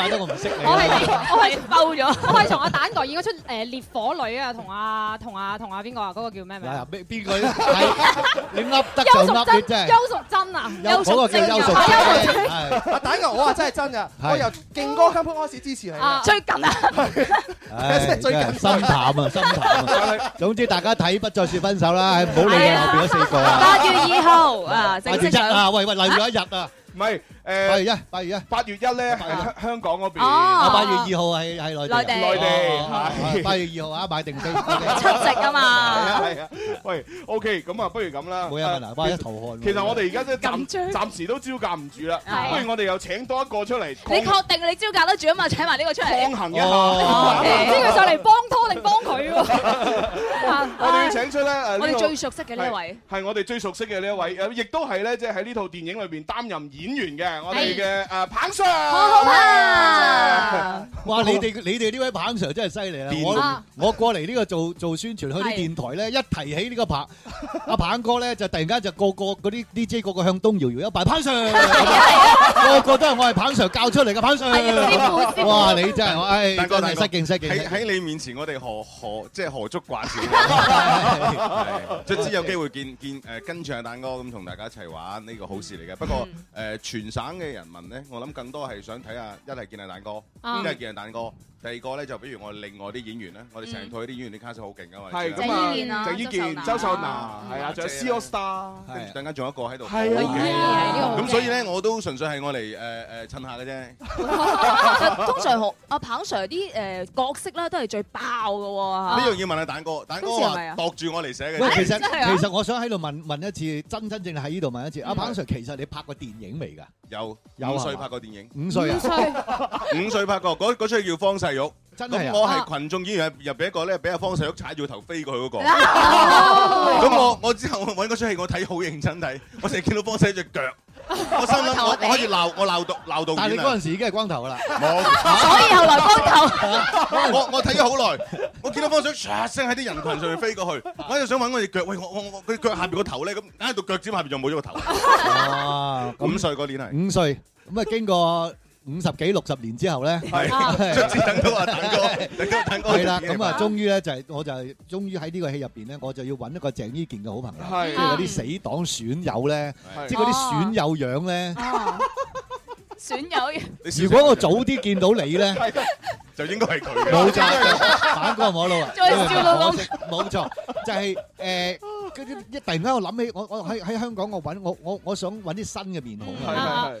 我係我係爆咗，我係從阿蛋哥演嗰出誒《烈火女》啊，同阿同阿同阿邊個啊，嗰個叫咩名？邊邊個？你笠得就笠，真係。邱淑貞啊！邱淑貞啊！邱淑貞。阿蛋哥，我話真係真㗎，我由勁歌金曲開始支持你。最近啊，最近。心淡啊，心淡。總之大家睇不再説分手啦，唔好理後邊嗰四個。八月以後啊，正式。啊喂喂，嚟唔到一日啊，唔係。八月一，八月一，八月一咧，香香港嗰邊。哦，八月二號係係內地，內地，八月二號啊，買定都出席啊嘛。係啊，係啊。喂，OK，咁啊，不如咁啦，冇人嗱，花一頭其實我哋而家都暫暫時都招架唔住啦。不如我哋又請多一個出嚟。你確定你招架得住啊嘛？請埋呢個出嚟，抗衡一下。佢上嚟幫拖定幫佢。我哋要請出咧，我哋最熟悉嘅呢一位，係我哋最熟悉嘅呢一位，亦都係咧，即係喺呢套電影裏邊擔任演員嘅。我哋嘅阿彭 Sir，好好啊！哇，你哋你哋呢位彭 Sir 真係犀利啦！我我過嚟呢個做做宣傳，去啲電台咧，一提起呢個彭阿彭哥咧，就突然間就個個嗰啲 DJ 個個向東搖搖擺擺，有大彭 Sir，個個都係我係彭 Sir 教出嚟嘅彭 Sir。哇，你真係，彭哥失敬，失敬，喺喺你面前，我哋何何即係何足掛齒？真係，總之有機會見見誒，跟住阿彭哥咁同大家一齊玩，呢個好事嚟嘅。不過誒，傳授。省嘅人民咧，我諗更多係想睇下一係見係蛋哥，一係，Oh. 見係蛋哥。第二個咧就比如我另外啲演員咧，我哋成套啲演員啲卡色好勁噶嘛。係咁啊，鄭伊健、周秀娜，係啊，仲有 C All Star，跟住等間仲有一個喺度。係啊，咁所以咧我都純粹係我嚟誒誒襯下嘅啫。通常阿彭 Sir 啲誒角色咧都係最爆嘅喎。呢樣要問阿蛋哥，蛋哥話度住我嚟寫嘅。其實其實我想喺度問問一次，真真正喺呢度問一次，阿彭 Sir，其實你拍過電影未㗎？有，五歲拍過電影，五歲，五歲拍過，嗰出叫《方世》。玉，咁我係群眾演員入邊一個咧，俾阿方世玉踩住個頭飛過去嗰個 No! 咁我我之後搵嗰出戲我睇好認真睇，我成日見到方世玉隻腳，我心諗我，我可以鬧我鬧到鬧到。但你嗰陣時已經係光頭噶啦，冇。所以後來光頭。 我我睇咗好耐，我，我見到方世玉唰聲喺啲人群上面飛過去， 我一想搵我隻腳，喂我我佢腳下邊個頭咧，咁硬係到腳尖下邊就冇咗個頭。啊， 五歲嗰年係。五歲，咁啊經過。五十幾六十年之後咧，係，終於等到阿大哥，等到大哥，係啦，咁啊，終於咧就係，我就係，終於喺呢個戲入邊咧，我就要揾一個鄭伊健嘅好朋友，即係嗰啲死黨、損友咧，即係嗰啲損友樣咧，損友。如果我早啲見到你咧，就應該係佢嘅，冇錯，反過摸佬啊，再叫老翁，冇錯，就係誒，嗰啲一突然間我諗起，我我喺喺香港，我揾我我我想揾啲新嘅面孔，係係係。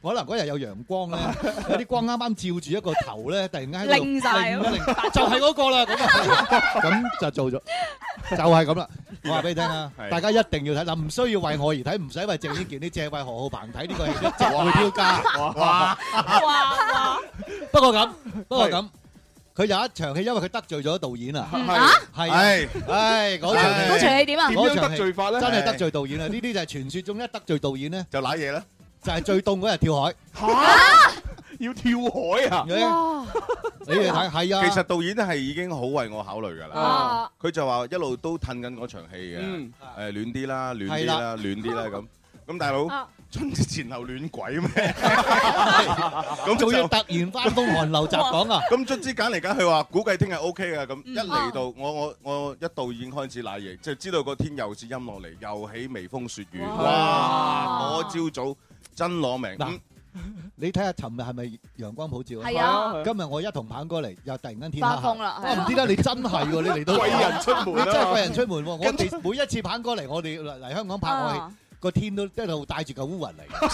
可能嗰日有陽光咧，有啲光啱啱照住一個頭咧，突然間擰曬，就係嗰個啦。咁啊，咁就做咗，就係咁啦。我話俾你聽啊，大家一定要睇，嗱，唔需要為我而睇，唔使為鄭伊健，你只係為何浩鵬睇呢個戲，值唔會票價。哇！哇哇！不過咁，不過咁，佢有一場戲，因為佢得罪咗導演啊。嚇？係係唉，嗰場戲嗰場戲點啊？點樣得罪法咧？真係得罪導演啊！呢啲就係傳説中一得罪導演咧，就瀨嘢咧。就係最凍嗰日跳海，吓，要跳海啊！你哋睇係啊，其實導演係已經好為我考慮噶啦。佢就話一路都褪緊嗰場戲嘅，誒，暖啲啦，暖啲啦，暖啲啦咁。咁大佬，春節前後暖鬼咩？咁仲要突然翻風寒流襲港啊？咁卒之揀嚟揀去話，估計聽日 O K 嘅咁，一嚟到我我我一度已經開始瀨嘢，即係知道個天又是陰落嚟，又起微風雪雨，哇！我朝早。真攞命！嗱，你睇下，尋日係咪陽光普照啊？係啊！今日我一同鵬哥嚟，又突然間天發風啦！我唔知啦，你真係你嚟到貴人出門，你真係貴人出門。我哋每一次鵬哥嚟，我哋嚟嚟香港拍我戲，個天都一路帶住個烏雲嚟。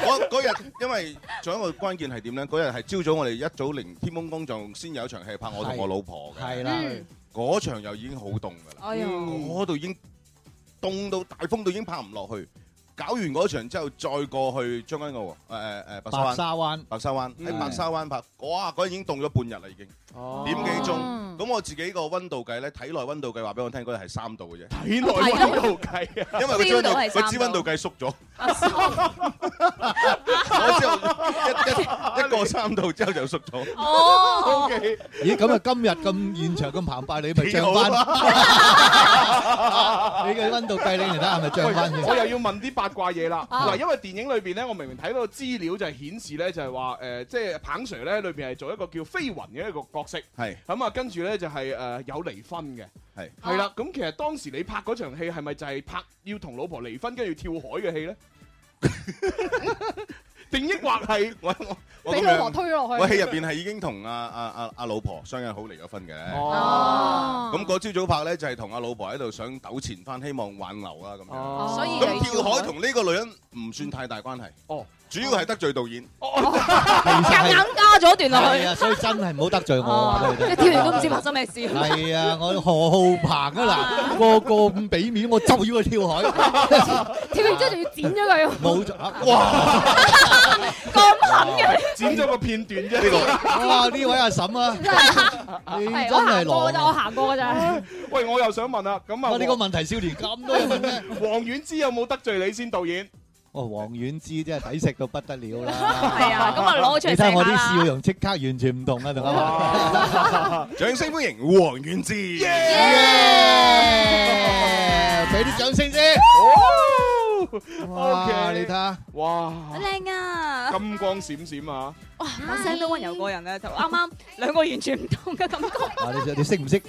我嗰日，因為仲有一個關鍵係點咧？嗰日係朝早，我哋一早零天空光狀，先有一場戲拍我同我老婆。係啦，嗰場又已經好凍噶啦，嗰度已經凍到大風，都已經拍唔落去。搞完嗰場之後，再過去將軍澳，誒誒誒，白沙灣，白沙灣，喺白沙灣拍、嗯，哇！嗰陣已經凍咗半日啦，已經。哦，點幾鐘？咁、嗯、我自己個温度計咧，體內温度計話俾我聽，應該係三度嘅啫。體內温度計啊，因為佢將度，佢知温度計縮咗。 我之後，一一,一,一過三度之後就縮咗。哦、o Okay K，咦？咁啊，今日咁現場咁 澎湃，你咪漲翻。你嘅温度計你嚟睇下，係咪漲翻先？我又要問啲八卦嘢啦。嗱、啊，因為電影裏邊咧，我明明睇到資料就係顯示咧，就係話誒，即係彭 Sir 咧裏邊係做一個叫飛雲嘅一個角。係咁啊，跟住咧就係誒有離婚嘅係係啦，咁其實當時你拍嗰場戲係咪就係拍要同老婆離婚，跟住跳海嘅戲咧？定抑 或係我我俾老婆推咗落去？我戲入邊係已經同阿阿阿阿老婆商量好離咗婚嘅，哦，咁嗰朝早拍咧就係同阿老婆喺度想糾纏翻，希望挽留啊。咁樣、啊。哦，咁跳海同呢個女人唔算太大關係、嗯、哦。主要係得罪導演，夾硬加咗段落去，所以真係唔好得罪我。你跳完都唔知發生咩事。係啊，我何浩鵬啊嗱，個個唔俾面，我就要佢跳海。跳完之後仲要剪咗佢。冇錯，哇，咁狠嘅，剪咗個片段啫呢度。哇，呢位阿嬸啊，真係老，我行過就我行過就。喂，我又想問啊，咁啊，呢個問題少年咁多人問咧，王菀之有冇得罪你先導演？哦，王菀之真係抵食到不得了啦！係啊，咁啊攞出聲啦！你睇我啲笑容，即刻完全唔同啊！同啊，掌聲歡迎王菀之，俾啲掌聲先。O K 啊，你睇下，哇，好靚啊，金光閃閃啊！哇，把聲都溫柔，過人咧就啱啱兩個完全唔同嘅感覺。啊，你你識唔識？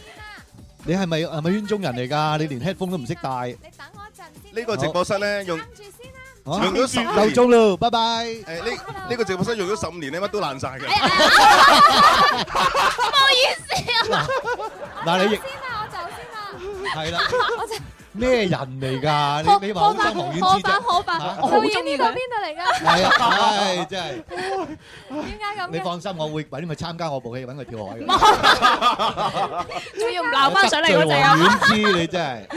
你係咪係咪圈中人嚟㗎？你連 headphone 都唔識戴。你等我一陣先。呢個直播室咧用。用咗夠鐘咯，啊、拜拜！誒呢呢個直播室用咗十五年，你乜都爛晒嘅。好冇意思啊。嗱你先啦，我走先啦，啊。係啦。 咩人嚟㗎？你話我真係王菀之最，我好中意呢個邊度嚟㗎？係啊，真係點解咁？你放心，我會揾佢參加我部戲，揾佢跳海。唔仲要鬧翻上嚟嗰陣啊！王菀之你真係。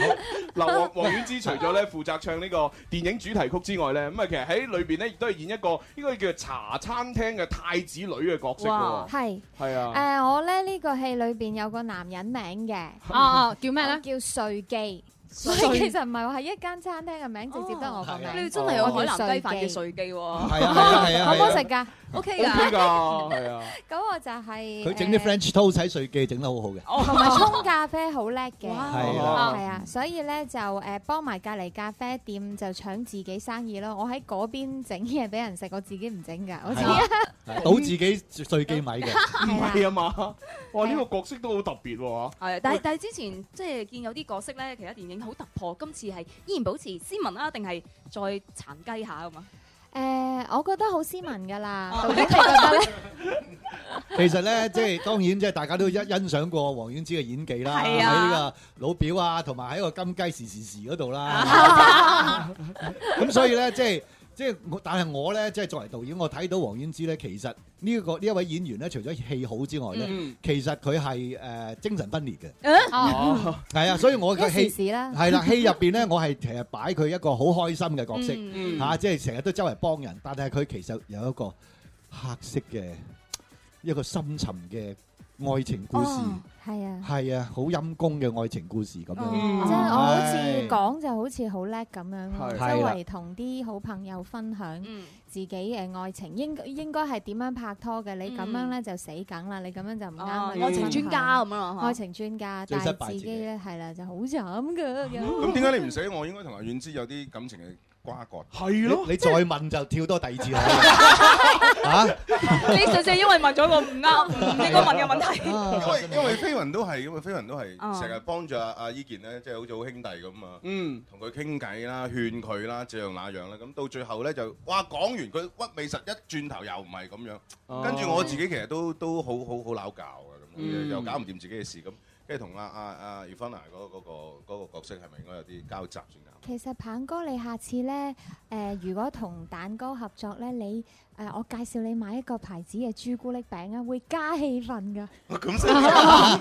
王王菀之除咗咧負責唱呢個電影主題曲之外咧，咁啊其實喺裏邊咧亦都係演一個應該叫茶餐廳嘅太子女嘅角色喎。係係啊。誒，我咧呢個戲裏邊有個男人名嘅，啊叫咩咧？叫瑞基。所以其實唔係話係一間餐廳嘅名，哦、直接得我個名。啊、你要真係有的海南雞飯嘅碎機，好唔好食㗎？O K 噶，係啊，咁我就係佢整啲 French Toast 喺碎機整得好好嘅，同埋沖咖啡好叻嘅，係啦，係啊，所以咧就誒幫埋隔離咖啡店就搶自己生意咯。我喺嗰邊整嘢俾人食，我自己唔整噶，我自己，賭自己碎機米嘅唔係啊嘛。哇，呢個角色都好特別喎。係，但係但係之前即係見有啲角色咧，其他電影好突破，今次係依然保持斯文啊，定係再殘雞下咁嘛？誒，uh, 我覺得好斯文噶啦，啊、導演你覺得咧？ 其實咧，即係當然，即係大家都一欣賞過王菀之嘅演技啦，喺呢、啊、個老表啊，同埋喺個金雞時時時嗰度啦。咁 所以咧， 即係。即係我，但係我咧，即係作為導演，我睇到王菀之咧，其實呢、這個呢一位演員咧，除咗戲好之外咧，嗯、其實佢係誒精神分裂嘅。哦，係啊，所以我嘅戲 啦，係啦，戲入邊咧，我係成日擺佢一個好開心嘅角色，吓、嗯嗯啊，即係成日都周圍幫人，但係佢其實有一個黑色嘅一個深沉嘅。愛情故事係、oh, 啊係啊，好陰公嘅愛情故事咁樣。即、嗯、係我好似講就好似好叻咁樣，周圍同啲好朋友分享自己嘅愛情，應、嗯、應該係點樣拍拖嘅？你咁樣咧就死梗啦！你咁樣就唔啱。愛情專家咁咯，嗯、愛情專家，嗯啊、專家但係自己咧係啦，就好慘㗎咁。咁點解你唔死？我應該同阿菀之有啲感情嘅。瓜葛係咯，你再問就跳多第二節啦嚇！你上次因為問咗個唔啱、唔應該問嘅問題，因為飛雲都係咁啊，飛雲都係成日幫助阿阿伊健咧，即係好似好兄弟咁啊。嗯，同佢傾偈啦、勸佢啦，這樣那樣咧，咁到最後咧就哇講完佢屈尾十，一轉頭又唔係咁樣。哦，跟住我自己其實都都好好好撈教啊，咁又搞唔掂自己嘅事咁。跟住同阿阿阿 Eleanor 嗰嗰個嗰個角色係咪應該有啲交集先？其實鵬哥，你下次咧，誒，如果同丹哥合作咧，你誒，我介紹你買一個牌子嘅朱古力餅啊，會加氣氛噶。咁先啦，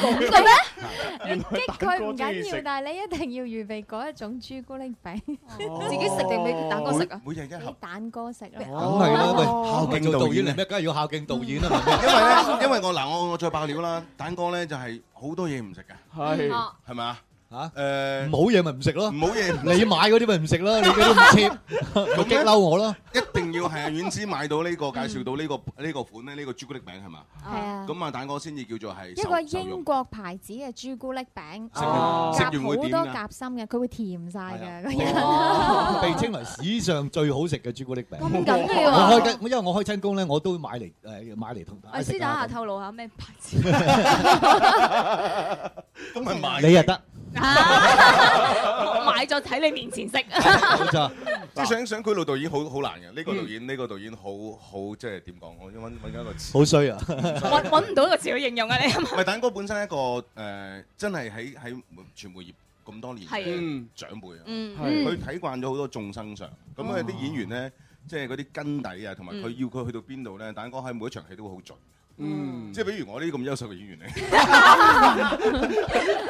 做咩？激佢唔緊要，但係你一定要預備嗰一種朱古力餅，自己食定俾丹哥食啊？俾丹哥食啊！咁係咯，為孝敬導演嚟，咩梗係要孝敬導演啦？因為咧，因為我嗱，我我再爆料啦，丹哥咧就係好多嘢唔食噶，係係咪啊？啊，誒唔好嘢咪唔食咯，唔好嘢你買嗰啲咪唔食咯，你都唔切，咪激嬲我咯！一定要係阿菀之買到呢個，介紹到呢個呢個款咧，呢個朱古力餅係嘛？係啊，咁啊蛋哥先至叫做係一個英國牌子嘅朱古力餅，食完食完會好多夾心嘅，佢會甜曬㗎嗰樣，被稱為史上最好食嘅朱古力餅。咁緊要啊！我開親，因為我開親工咧，我都會買嚟誒買嚟同大家。我私底下透露下咩牌子？咁咪買你又得。啊！我買咗睇你面前食。冇錯，即係想想佢老導演好好難嘅。呢、呢個導演呢、嗯、個導演好好即係點講？我要咗一個詞。好衰啊！揾唔到一個詞去形容啊！你唔係蛋哥本身一個誒、呃，真係喺喺傳媒業咁多年嘅長輩啊！佢睇、嗯、慣咗好多眾生相。咁啊啲演員咧，即係嗰啲根底啊，同埋佢要佢去到邊度咧，蛋哥喺每一場戲都會好準。嗯，即係比如我呢啲咁優秀嘅演員咧，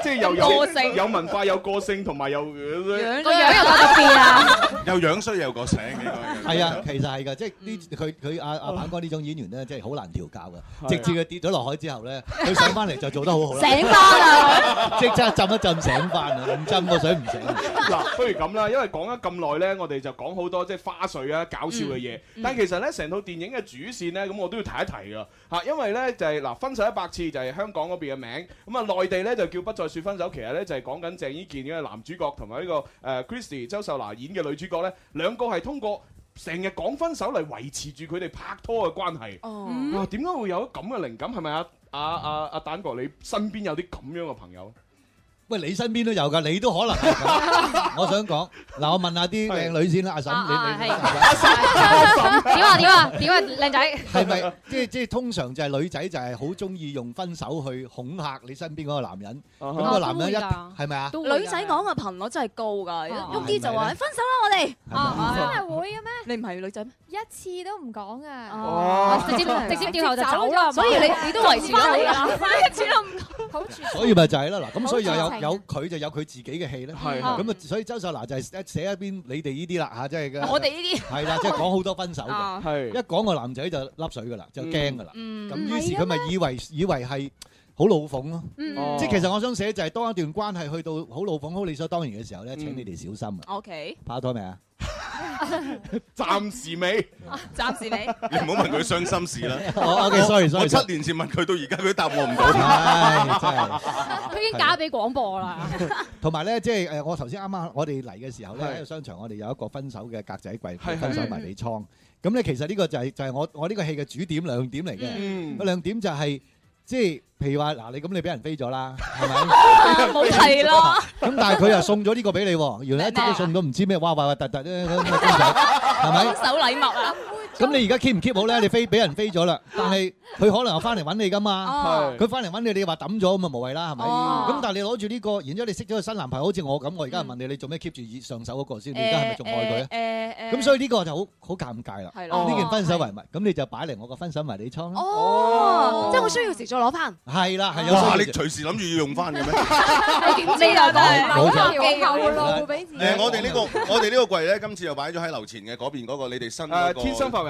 即係又有有文化有個性，同埋又個樣又特別啊！有樣衰有個性，應該係。係啊，其實係㗎，即係呢佢佢阿阿鵬哥呢種演員咧，即係好難調教嘅。直至佢跌咗落海之後咧，佢上翻嚟就做得好好啦。醒翻啦！即刻浸一浸，醒翻啦！唔浸個水唔醒。嗱，不如咁啦，因為講咗咁耐咧，我哋就講好多即係花絮啊、搞笑嘅嘢。但係其實咧，成套電影嘅主線咧，咁我都要提一提㗎嚇，因為。因為咧就係，嗱，分手一百次就係香港嗰邊嘅名，咁啊內地咧就叫不再說分手，其實咧就係講緊鄭伊健嘅男主角同埋呢個誒 Kristy 周秀娜演嘅女主角咧，兩個係通過成日講分手嚟維持住佢哋拍拖嘅關係。哇、oh. mm. 啊，點解會有咁嘅靈感？係咪啊？阿阿阿丹哥，你身邊有啲咁樣嘅朋友？喂，你身邊都有㗎，你都可能。我想講，嗱，我問下啲靚女先啦，阿嬸，你你阿嬸，阿嬸，點啊點啊點啊靚仔，係咪即係即係通常就係女仔就係好中意用分手去恐嚇你身邊嗰個男人，咁個男人一係咪啊？女仔講嘅頻率真係高㗎，喐啲就話分手啦我哋，真係會嘅咩？你唔係女仔咩？一次都唔講㗎，直接直接掉頭就走啦，所以你你都維持返好住，所以咪就係啦嗱，咁所以又有。有佢就有佢自己嘅戲咧，咁啊、嗯，所以周秀娜就係寫一篇你哋呢啲啦吓，即、就、係、是、我哋呢啲係啦，即係講好多分手嘅，係、啊、的一講個男仔就甩水噶啦，就驚噶啦，咁於、嗯嗯、是佢咪以，是、啊、以為，以為係。好老奉咯，即係其實我想寫就係當一段關係去到好老奉好理所當然嘅時候咧，請你哋小心啊。OK，拍拖未啊？暫時未，暫時未。你唔好問佢傷心事啦。sorry，sorry。我七年前問佢到而家佢答我唔到，真係。佢已經嫁俾廣播啦。同埋咧，即係誒，我頭先啱啱我哋嚟嘅時候咧，喺個商場我哋有一個分手嘅格仔櫃、分手迷你倉。咁咧其實呢個就係就係我我呢個戲嘅主點、亮點嚟嘅。個亮點就係。即係，譬如話，嗱，你咁你俾人飛咗啦，係咪？冇係啦。咁但係佢又送咗呢個俾你，原來一直都送到唔知咩，哇，怪怪突突咧，係咪？分手禮物啊！咁你而家 keep 唔 keep 好咧？你飛俾人飛咗啦，但係佢可能又翻嚟揾你噶嘛？佢翻嚟揾你，你話抌咗咁啊無謂啦，係咪？咁但係你攞住呢個，然之後你識咗個新男朋友，好似我咁，我而家問你，你做咩 keep 住上手嗰個先？你而家係咪仲愛佢啊？誒誒，咁所以呢個就好好尷尬啦。係啦，呢件分手遺物，咁你就擺嚟我個分手迷你倉啦。哦，即係我需要時再攞翻。係啦，係有需要。哇，你隨時諗住要用翻嘅咩？你點知啊？真係冇錯，我哋呢個我哋呢個櫃咧，今次又擺咗喺樓前嘅嗰邊嗰個，你哋新誒天生快活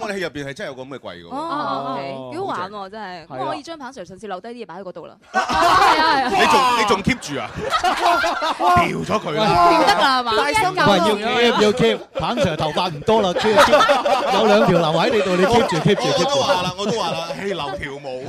我哋戲入邊係真係有個咁嘅櫃嘅。哦，幾好玩喎！真係，我可以將鵬 Sir 上次留低啲嘢擺喺嗰度啦。你仲你仲 keep 住啊？掉咗佢啊！掉得㗎係嘛？唔係要 keep 要 keep，鵬 Sir 頭髮唔多啦，keep 有兩條留喺你度，你 keep 住 keep 住 keep 住。我都話啦，我都話啦，氣流跳舞。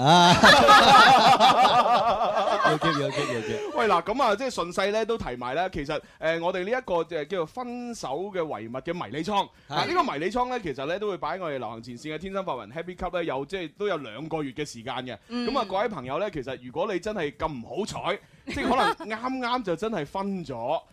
好 keep 好 keep 好 keep。 喂嗱，咁啊，即係順勢咧都提埋咧，其實誒、呃、我哋呢一個誒叫做分手嘅遺物嘅迷你倉，嗱呢的、啊呢個迷你倉咧，其實咧都會擺喺我哋流行前線嘅天生發雲 Happy cup 咧，有即係都有兩個月嘅時間嘅。咁啊、嗯嗯，各位朋友咧，其實如果你真係咁唔好彩。 即係可能啱啱就真係分咗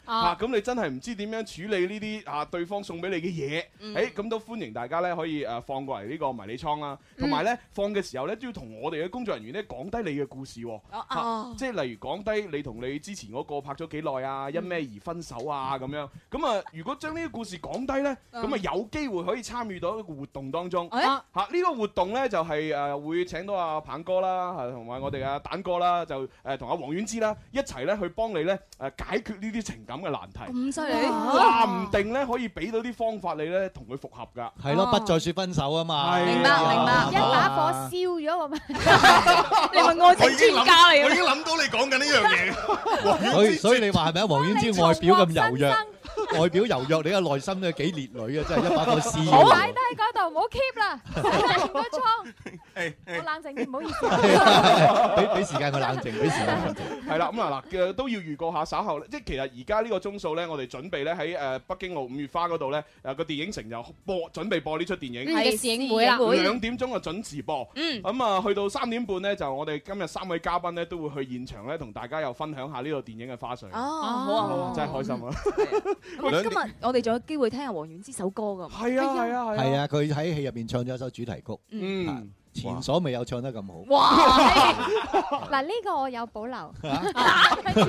嚇，咁、oh. 啊、你真係唔知點樣處理呢啲嚇對方送俾你嘅嘢，誒咁、mm. 欸、都歡迎大家呢可以誒、呃、放過嚟呢個迷你倉啦，同埋、mm. 呢放嘅時候呢都要同我哋嘅工作人員呢講低你嘅故事、哦，嚇、啊 oh. oh. 啊，即係例如講低你同你之前嗰個拍咗幾耐啊，mm. 因咩而分手啊咁樣，咁、嗯、啊如果將呢啲故事講低呢，咁啊、mm. 有機會可以參與到一個活動當中，嚇呢、oh. oh. 啊呢個活動呢，就係、是、誒、呃、會請到阿鵬哥啦，同埋我哋嘅蛋哥啦，就誒同、嗯、阿王菀之啦。一齊咧去幫你咧誒解決呢啲情感嘅難題，咁犀利，話唔定咧可以俾到啲方法你咧同佢復合㗎。係咯，不再説分手啊嘛，哎，明，明白明白，一把火燒咗我咪， 你問愛情專家嚟，我已經諗到你講緊呢樣嘢，所以所以你話係咪王菀之外表咁柔弱？ 外表柔弱，你嘅一頒內心都幾烈女啊！真係一百個私好擺低嗰度，唔好 keep 啦，唔好衝，我冷靜啲，唔好意思，俾俾時間佢冷靜，俾時間佢冷靜。係啦，咁啊嗱，都要預告下稍後咧，即係其實而家呢個鐘數咧，我哋準備咧喺誒北京路五月花嗰度咧，誒、啊、個電影城就播，準備播呢出電影嘅試映會啦，兩點鐘啊準時播。嗯。咁啊，去到三點半咧，就我哋今日三位嘉賓咧都會去現場咧，同大家又分享下呢個電影嘅花絮。哦，好啊對，真係開心啊！ 今日我哋仲有機會聽下王菀之首歌噶，係啊係啊係啊，佢喺戲入邊唱咗一首主題曲，嗯，前所未有唱得咁好，哇！嗱呢個我有保留，前所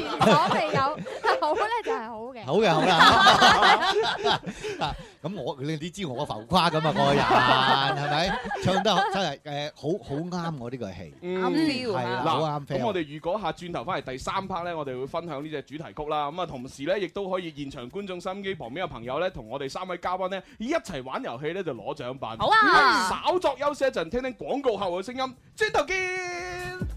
未有好咧就係好嘅，好嘅好嘅。咁我你知我浮誇咁啊，個人係咪？ 唱得真係誒好好，啱我呢個戲啱 feel 係啊，啱咁我哋那、嗯、如果下轉頭翻嚟第三 part 咧，我哋會分享呢隻主題曲啦。咁啊，同時咧亦都可以現場觀眾收音機旁邊嘅朋友咧，同我哋三位嘉賓咧一齊玩遊戲咧，就攞獎品。好啊！稍作休息一陣，聽，聽聽廣告後嘅聲音，轉頭見。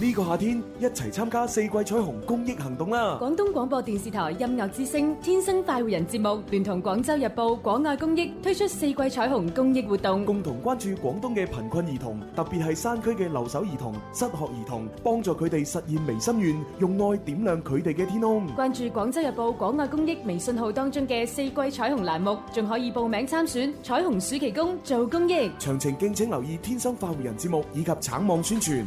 呢個夏天，一齊參加四季彩虹公益行動啦！廣東廣播電視台音樂之聲天生快活人節目聯同廣州日報廣愛公益推出四季彩虹公益活動，共同關注廣東嘅貧困兒童，特別係山區嘅留守兒童、失學兒童，幫助佢哋實現微心願，用愛點亮佢哋嘅天空。關注廣州日報廣愛公益微信號當中嘅四季彩虹欄目，仲可以報名參選彩虹暑期工做公益。詳情敬請留意天生快活人節目以及橙網宣傳。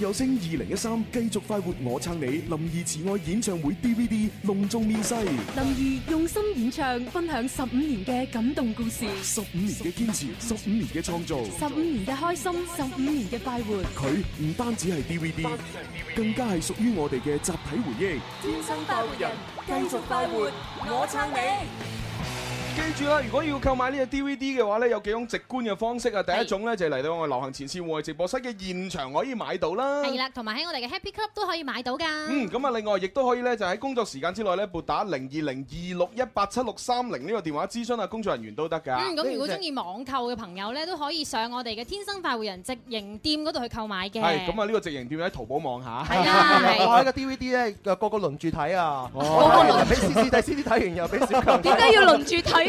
有聲二零一三，繼續快活，我撐你。林儀慈愛演唱會 DVD 隆重面世，林儀用心演唱，分享十五年嘅感動故事。十五年嘅堅持，十五年嘅創造，十五年嘅開心，十五年嘅快活。佢唔單止係 DVD，更加係屬於我哋嘅集體回憶。天生快活人，繼續快活，我撐你。記住啦，如果要購買呢個 D V D 嘅話咧，有幾種直觀嘅方式啊！第一種咧就係嚟到我哋流行前線戶外直播室嘅現場可以買到啦。係啦，同埋喺我哋嘅 Happy Club 都可以買到噶。嗯，咁啊，另外亦都可以咧就喺工作時間之內咧撥打零二零二六一八七六三零呢個電話諮詢下工作人員都得噶。咁如果中意網購嘅朋友咧都可以上我哋嘅天生快活人直營店嗰度去購買嘅。咁啊，呢個直營店喺淘寶網下，係啊，呢個 D V D 咧個個輪住睇啊，個個輪住睇，睇完又俾小強睇，點解要輪住睇？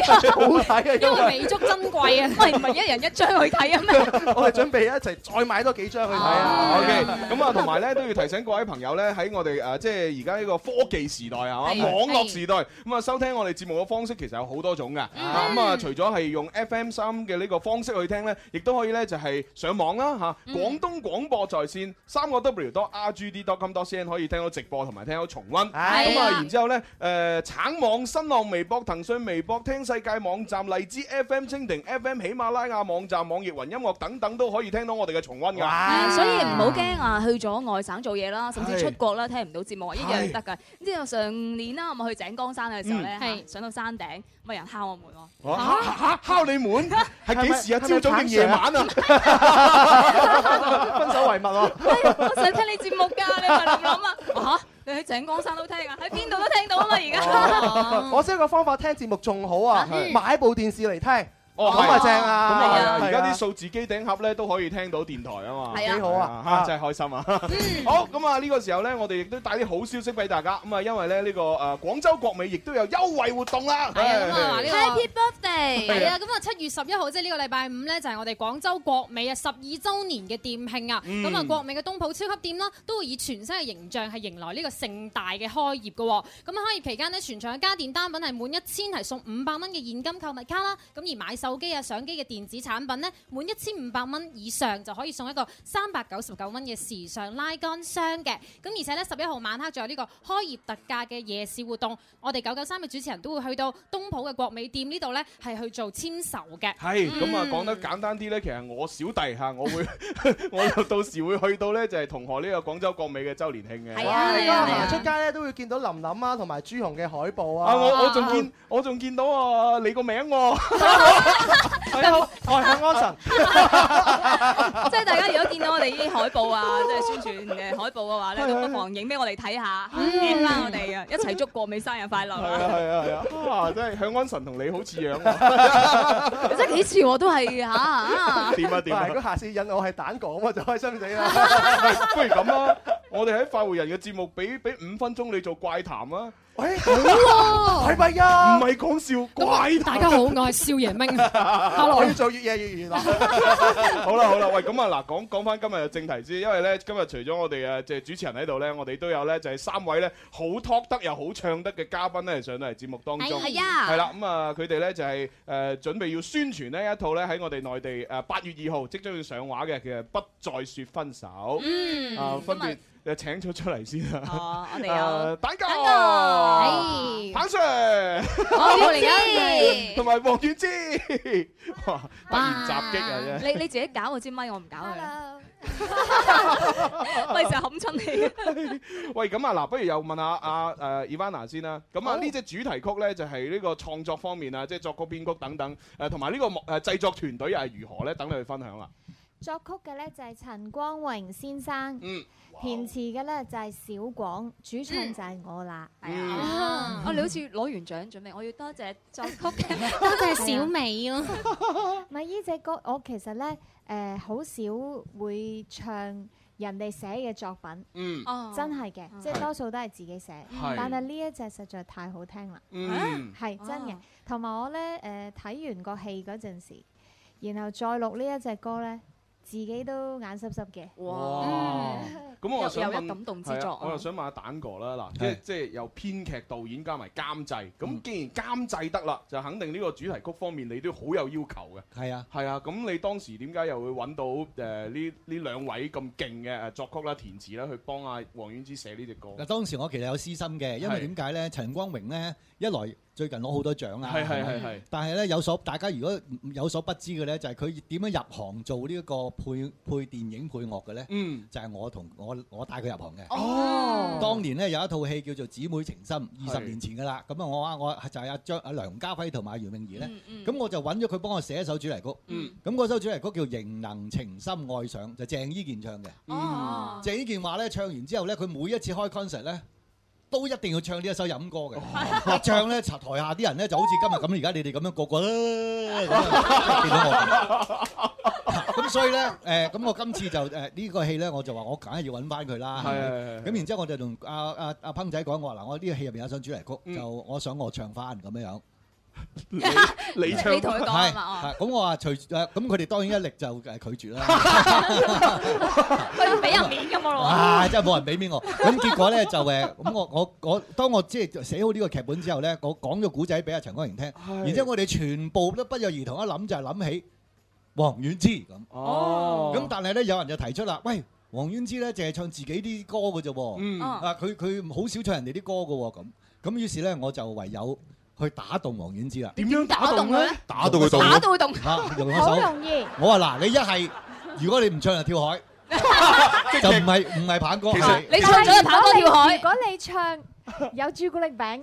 好睇，因為彌足珍貴啊！咪唔係一人一張去睇啊咩？我哋準備一齊再買多幾張去睇啊！OK，咁啊，同埋咧都要提醒各位朋友咧，喺我哋誒即係而家呢個科技時代啊，網絡時代，咁啊收聽我哋節目嘅方式其實有好多種㗎。咁啊，除咗係用 FM 三嘅呢個方式去聽咧，亦都可以咧就係上網啦嚇。廣東廣播在線三個 W 多 RGD 多 com 多 cn，可以聽到直播同埋聽到重温。咁啊，然之後咧誒橙網、新浪微博、騰訊微博聽。世界網站、荔枝 FM、蜻蜓 FM、喜馬拉雅網站、網易雲音樂等等都可以聽到我哋嘅重溫㗎。所以唔好驚啊，去咗外省做嘢啦，甚至出國啦，聽唔到節目一樣得㗎。之後上年啦，我咪去井岡山嘅時候咧，係上到山頂，乜人敲我門喎？敲你門係幾時啊？朝早定夜晚啊？分手遺物喎！我想聽你節目㗎，你問我攞乜？你喺 井岡山都聽啊，喺邊度都聽到啊嘛！而家我識一個方法聽節目仲好啊， 買部電視嚟聽。咁啊正啊，咁啊係啊！而家啲數字機頂盒咧都可以聽到電台啊嘛，係啊，幾好啊！真係開心啊！好咁啊，呢個時候呢，我哋亦都帶啲好消息俾大家。咁啊，因為咧呢個誒廣州國美亦都有優惠活動啦。係啊，Happy Birthday！係啊，咁啊七月十一號即係呢個禮拜五呢，就係我哋廣州國美啊十二週年嘅店慶啊！咁啊，國美嘅東圃超級店啦，都會以全新嘅形象係迎來呢個盛大嘅開業㗎。咁啊，開業期間呢，全場嘅家電單品係滿一千係送五百蚊嘅現金購物卡啦。咁而買手手機啊，相機嘅電子產品呢，滿一千五百蚊以上就可以送一個三百九十九蚊嘅時尚拉杆箱嘅。咁而且呢，十一號晚黑仲有呢個開業特價嘅夜市活動。我哋九九三嘅主持人都會去到東圃嘅國美店呢度呢係去做簽售嘅。係，咁啊講得簡單啲呢，其實我小弟吓，我會， 我到時會去到呢，就係同賀呢個廣州國美嘅周年慶嘅。係啊，哇啊出街呢都會見到林林啊，同埋朱紅嘅海報啊。啊，我我仲見，我仲見到，到啊，你個名。大家好，我係安神。即係大家如果見到我哋依啲海報啊，即係宣傳嘅海報嘅話咧，都不妨影俾我哋睇下。嗯，啦，我哋啊，一齊祝國美生日快樂。係啊，係啊，係啊。哇，真係響安神同你好似樣啊。真係幾次我都係吓吓。掂啊掂，如果下次引我係蛋殼我就開心死啦。不如咁啦，我哋喺快活人嘅節目，俾俾五分鐘你做怪談啊。好喎，係咪呀？唔係講笑，係大家好，我係少爺明，Hello。我要做越嘢越熱鬧。好啦好啦，喂，咁啊嗱，講講翻今日嘅正題先，因為咧今日除咗我哋誒即係主持人喺度咧，我哋都有咧就係三位咧好 talk 得又好唱得嘅嘉賓咧上到嚟節目當中，係啊，係啦，咁啊佢哋咧就係誒準備要宣傳咧一套咧喺我哋內地誒八月二號即將要上畫嘅其實《不再說分手》，嗯，分別。又請咗出嚟先啊、 喔！我哋有大家，坦 Sir，同埋王菀之嘩突然襲擊啊！ 你你自己搞我支咪，我唔搞佢。喂，成日冚親你。喂，咁啊，嗱，不如又問下阿誒 Ivana 先啦。咁啊，呢、啊、隻、呃啊、 主題曲咧，就係、是、呢個創作方面啊，即係作曲編曲等等誒，同埋呢個誒、呃、製作團隊又係如何咧？等你去分享啊！作曲嘅咧就係陳光榮先生，填詞嘅咧就係小廣，主唱就係我啦。係啊，你好似攞完獎準備，我要多謝作曲嘅，多謝小美咯。唔係，呢隻歌，我其實咧誒好少會唱人哋寫嘅作品，真係嘅，即係多數都係自己寫。但係呢一隻實在太好聽啦，係真嘅。同埋我咧誒睇完個戲嗰陣時，然後再錄呢一隻歌咧。自己都眼濕濕嘅。哇！咁我又想一感動之作。我又想問下丹哥啦嗱，即即由編劇、導演加埋監製，咁既然監製得啦，就肯定呢個主題曲方面你都好有要求嘅。係、嗯、 啊，係啊，咁你當時點解又會揾到誒呢呢兩位咁勁嘅作曲啦、填詞啦，去幫阿王菀之寫呢隻歌？嗱，當時我其實有私心嘅，因為點解咧？陳光榮咧。一來最近攞好多獎啊！係係係係，吧但係咧有所大家如果有所不知嘅咧，就係佢點樣入行做呢一個配配電影配樂嘅咧？嗯，就係我同我我帶佢入行嘅。哦，當年咧有一套戲叫做《姊妹情深》，二十年前噶啦。咁是、就是、啊，我啊我就係阿張阿梁家輝同埋袁詠儀咧。咁、嗯嗯、我就揾咗佢幫我寫一首主題曲。咁嗰首主題曲叫《仍能情深愛上》，就是、鄭伊健唱嘅。哦，鄭伊健話咧唱完之後咧，佢每一次開 concert 咧，都一定要唱呢一首飲歌嘅， 唱咧，台下啲人咧就好似今日咁，而家 你哋咁樣個個，咁 所以咧，誒、呃，咁我今次就誒呢、呃這個戲咧，我就話我梗係要揾翻佢啦，係咁，然之後我就同阿阿阿鵬仔講，我話嗱，我呢個戲入邊有首主題曲，嗯、就我想我唱翻咁樣樣。你，你唱，你同佢講咁我話隨咁佢哋當然一力就拒絕啦。佢要俾人面嘅嘛我，哇真係冇人俾面我。咁結果咧就誒，咁我我我當我即係寫好呢個劇本之後咧，我講咗古仔俾阿陳光榮聽，是然之後我哋全部都不約而同一諗就係、是、諗起黃菀之王菀之。咁。哦，咁但係咧有人就提出啦，喂，王菀之咧淨係唱自己啲歌嘅啫，嗯，啊佢佢好少唱人哋啲歌嘅咁，咁於是咧我就唯有。去打動王菀之啊，點樣打動佢？打到佢動，打到佢動，好 手 容易。我話嗱，你一係，如果你唔唱就跳海，就唔係唔係鵬哥。 是你唱咗就鵬哥跳海如。如果你唱，有朱古力餅，係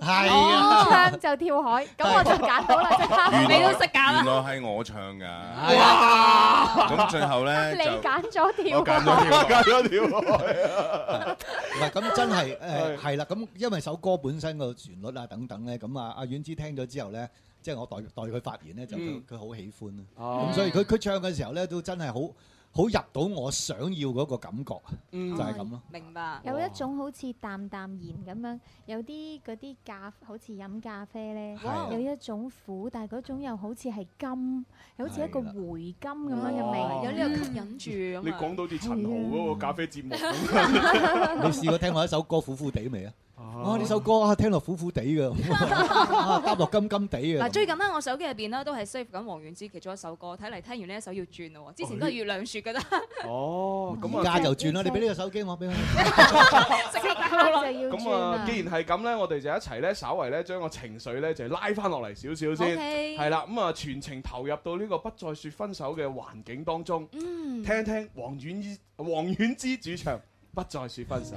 唱就跳海，咁我就揀到啦，即刻你都識揀啦。原來係我唱㗎，係啊，咁最後咧，你揀咗跳海，我揀咗跳海，揀咗跳海。唔係，咁真係誒係啦，咁因為首歌本身個旋律啊等等咧，咁啊阿菀之聽咗之後咧，即係我代代佢發言咧，就佢好喜歡啦。咁所以佢佢唱嘅時候咧，都真係好。好入到我想要嗰個感覺，嗯、就係咁咯。明白，有一種好似淡淡然咁樣，有啲嗰啲咖，好似飲咖啡咧，哇有一種苦，但係嗰種又好似係甘，又、啊、好似一個回甘咁樣嘅味，哇有呢個、嗯、吸引住。你講到似陳豪嗰個咖啡節目，你試過聽我一首歌苦苦地未啊？哇！呢首歌啊，聽落苦苦地嘅，聽落金金地嘅。嗱，最近咧，我手機入邊咧都係 save 緊王菀之其中一首歌，睇嚟聽完呢一首要轉咯喎。之前都係月亮説嘅啫。哦，咁啊，而家就轉啦。你俾呢個手機我，俾我。咁啊，既然係咁咧，我哋就一齊咧，稍微咧將個情緒咧就拉翻落嚟少少先。係啦，咁啊，全程投入到呢個不再説分手嘅環境當中，聽聽王菀之王菀之主唱《不再説分手》。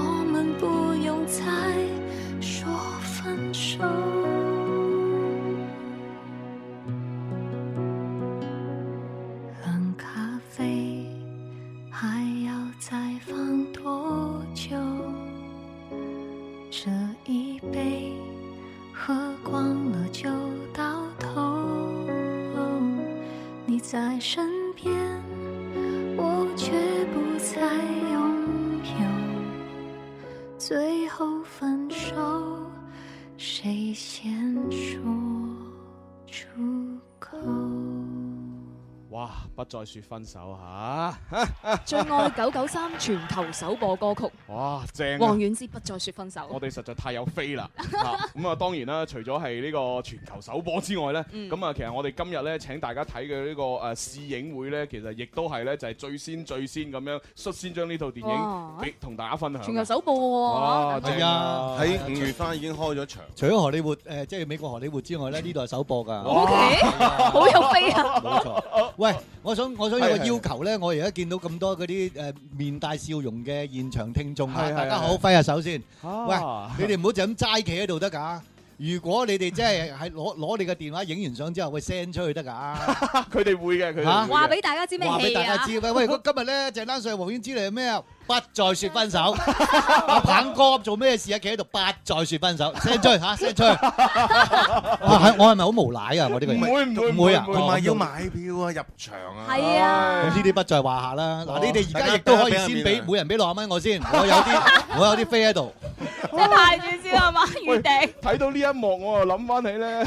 再說分手吓，最愛九九三全球首播歌曲，哇正！王菀之不再說分手，我哋實在太有飛啦。咁啊，當然啦，除咗係呢個全球首播之外咧，咁啊，其實我哋今日咧，請大家睇嘅呢個誒試影會咧，其實亦都係咧，就係最先最先咁樣率先將呢套電影同大家分享。全球首播嘅喎，係啊，喺五月翻已經開咗場。除咗荷里活誒，即係美國荷里活之外咧，呢度係首播噶。O K，好有飛啊！冇錯，喂，我。我想有個要求咧，我而家見到咁多嗰啲誒面帶笑容嘅現場聽眾啊，大家好，揮下手先。喂，你哋唔好就咁齋企喺度得㗎。如果你哋即係係攞攞你嘅電話影完相之後，會 send 出去得㗎。佢哋會嘅，佢話俾大家知咩嘢啊？話俾大家知啊！喂，今日咧鄭丹瑞、王菀之嚟係咩啊？不再說分手，阿鵬哥做咩事啊？企喺度，不再說分手，聲吹吓，聲吹，我係我係咪好無賴啊？我呢個唔會唔會啊？同埋要買票啊，入場啊，係啊，總之不在話下啦。嗱，你哋而家亦都可以先俾每人俾六十蚊我先，我有啲我有啲飛喺度，你排住先係嘛？預定，睇到呢一幕，我又諗翻起咧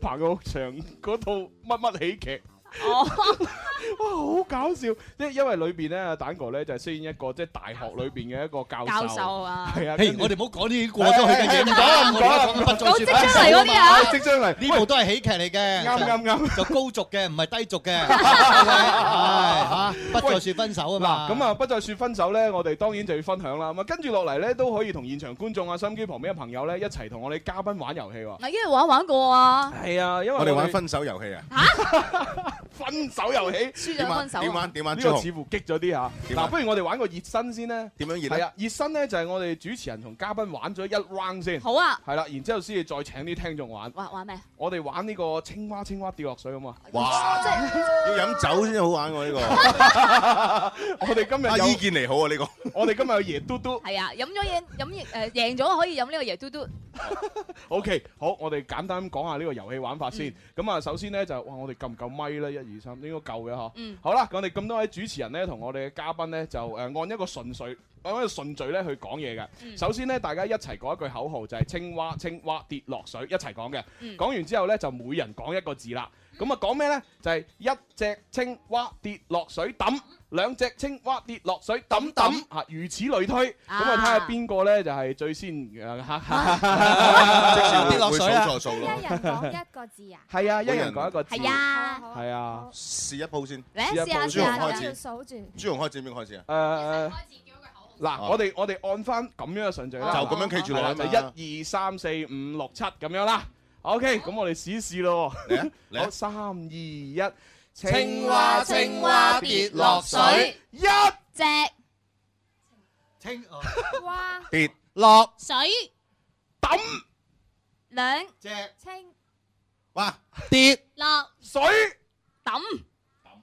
彭浩翔嗰套乜乜喜劇。哦，哇，好搞笑！即係因為裏邊咧，丹哥咧就係飾演一個即係大學裏邊嘅一個教授教授啊。係啊，誒，我哋唔好講呢啲過咗去嘅嘢，唔講，唔講，不再說。即將嚟嗰啲啊，即將嚟，呢部都係喜劇嚟嘅，啱啱啱，就高俗嘅，唔係低俗嘅。係啊，不再說分手啊嘛。咁啊，不再說分手咧，我哋當然就要分享啦。咁啊，跟住落嚟咧，都可以同現場觀眾啊、收音機旁邊嘅朋友咧，一齊同我哋嘉賓玩遊戲。嗱，因為玩玩過啊，係啊，因為我哋玩分手遊戲啊。吓？分手遊戲，點玩？點玩？呢個似乎激咗啲吓。嗱，不如我哋玩個熱身先咧。點樣熱？係啊，熱身咧就係我哋主持人同嘉賓玩咗一 round 先。好啊。係啦，然之後先至再請啲聽眾玩。玩玩咩？我哋玩呢個青蛙青蛙掉落水咁啊！哇！要飲酒先好玩喎呢個。我哋今日有意見嚟好啊呢個。我哋今日有椰嘟嘟。係啊，飲咗嘢，飲嘢誒贏咗可以飲呢個椰嘟嘟。 o、okay, K，好，我哋簡單講下呢個遊戲玩法先。咁啊，嗯嗯，首先呢，就哇，我哋夠唔夠咪咧？一二三，應該夠嘅嗬。嗯。好啦，我哋咁多位主持人呢，同我哋嘅嘉賓呢，就誒、呃、按一個順序，按一個順序呢去講嘢嘅。嗯、首先呢，大家一齊講一句口號，就係、是、青蛙，青蛙跌落水，一齊講嘅。嗯。講完之後呢，就每人講一個字啦。咁啊，講咩咧？就係一隻青蛙跌落水揼，兩隻青蛙跌落水揼揼嚇，如此類推。咁啊，睇下邊個咧就係最先啊嚇嚇，即時會會數錯數。一人講一個字啊！係啊，一人講一個字。係啊，係啊，試一鋪先。你試一鋪先。朱紅開始。朱紅開始，邊個開始啊？誒，開始叫佢口。嗱，我哋我哋按翻咁樣嘅順序啦，就咁樣企住啦，就一二三四五六七咁樣啦。O.K.，咁我哋試試咯，嚟啊，嚟啊！好，三二一，青蛙，青蛙跌落水，一隻青蛙跌落水，揼兩隻青蛙跌落水，揼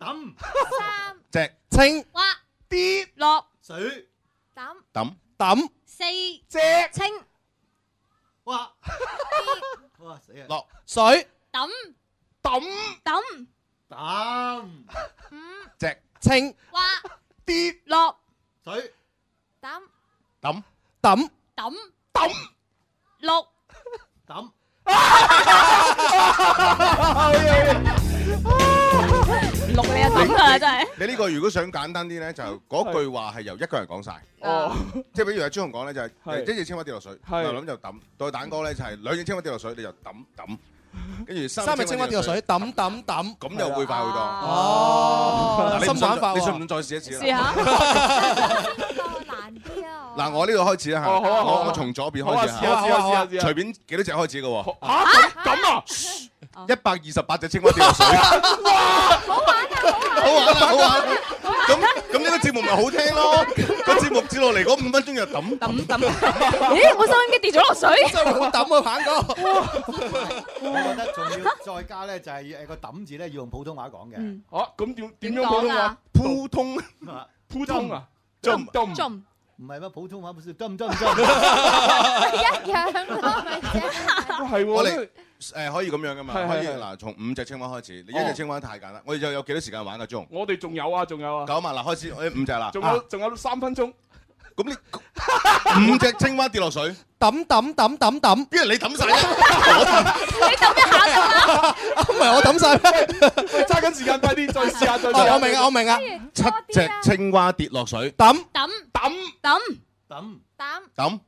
揼三隻青蛙跌落水，揼揼揼四隻青。落水，揼揼揼揼，直青蛙跌落水，揼揼揼揼揼，落揼。錄你啊，抌佢啊，真係！你呢個如果想簡單啲咧，就嗰句話係由一個人講晒，哦，即係比如阿朱紅講咧就係一隻青蛙跌落水，係，咁就抌。對蛋糕咧就係兩隻青蛙跌落水，你就抌抌，跟住三隻青蛙跌落水，抌抌抌，咁又會快好多。哦，新想法，你想唔想再試一次？試下，難啲啊！嗱，我呢度開始啦，吓，好啊好啊，我從左邊開始啊，好啊好啊，隨便幾多隻開始嘅喎，吓咁啊，一百二十八隻青蛙跌落水。好玩啦，好玩！咁咁呢個節目咪好聽咯。個節目接落嚟嗰五分鐘又揼揼揼。咦！我收音機跌咗落水。真係好揼啊，鵬哥！我覺得仲要再加咧，就係誒個揼字咧要用普通話講嘅。哦，咁點點樣普通話？普通，普通啊！咚咚，唔係嘛？普通話不是咚咚咚。唔一樣啊！唔一樣。係喎。誒可以咁樣噶嘛？可以嗱，從五隻青蛙開始。你一隻青蛙太簡單。我哋又有幾多時間玩個鐘？我哋仲有啊，仲有啊。九萬啦開始，誒五隻啦。仲有仲有三分鐘。咁你五隻青蛙跌落水，揼揼揼揼揼。邊係你揼曬啊？你揼一下啦。唔係我揼曬咩？揸緊時間，快啲再試下再。我明啊，我明啊。七隻青蛙跌落水，揼揼揼揼揼揼揼。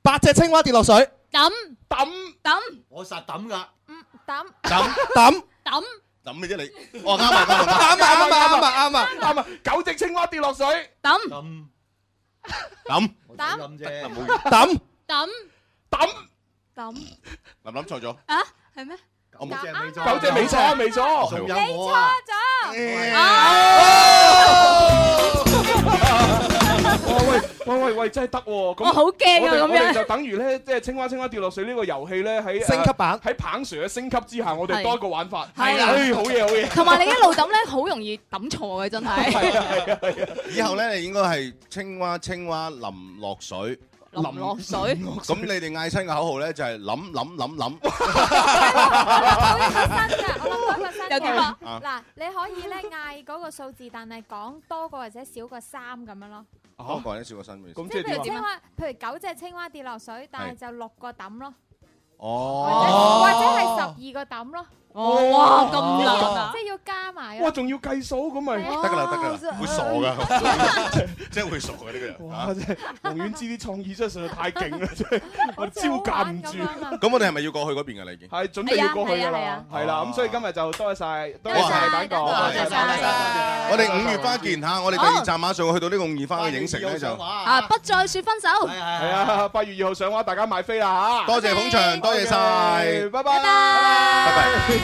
八隻青蛙跌落水。揼，揼，揼，我實揼噶。嗯，揼，揼，揼，揼，揼咩啫你？我啱啊，啱啊，啱啊，啱啊，啱啊，啱啊，九隻青蛙跌落水。揼，揼，揼，揼，揼，揼，揼，揼，林林錯咗。啊？係咩？九隻，九隻未錯，未錯。錯咗。哇喂喂喂喂真係得喎！咁好驚啊！咁樣就等於咧，即係青蛙青蛙跌落水呢個遊戲咧，喺升級版喺彭 Sir 嘅升級之下，我哋多個玩法係啦，好嘢好嘢。同埋你一路揼咧，好容易揼錯嘅真係。係啊係啊係啊！以後咧，你應該係青蛙青蛙淋落水淋落水。咁你哋嗌新嘅口號咧，就係諗諗諗諗。有啲乜？嗱，你可以咧嗌嗰個數字，但係講多個或者少個三咁樣咯。多、oh, oh. 個人少個身，咁即係譬如青蛙， 譬如九隻青蛙跌落水，是但係就六個抌咯，oh. 或者係、oh. 或者十二個抌咯。哦哇，咁難啊！即係要加埋，哇，仲要計數咁咪得㗎啦，得㗎啦，會傻㗎，真係會傻㗎呢個人啊！真係王菀之啲創意真係實在太勁啦，真係我招架唔住。咁我哋係咪要過去嗰邊㗎？你已經係準備要過去㗎啦，係啦。咁所以今日就多謝，多謝大家，多謝曬大家。我哋五月花見嚇，我哋第二站馬上去到呢個五月花嘅影城咧就啊，不再説分手係啊。八月二號上畫，大家買飛啦嚇！多謝捧場，多謝曬，拜拜，拜拜。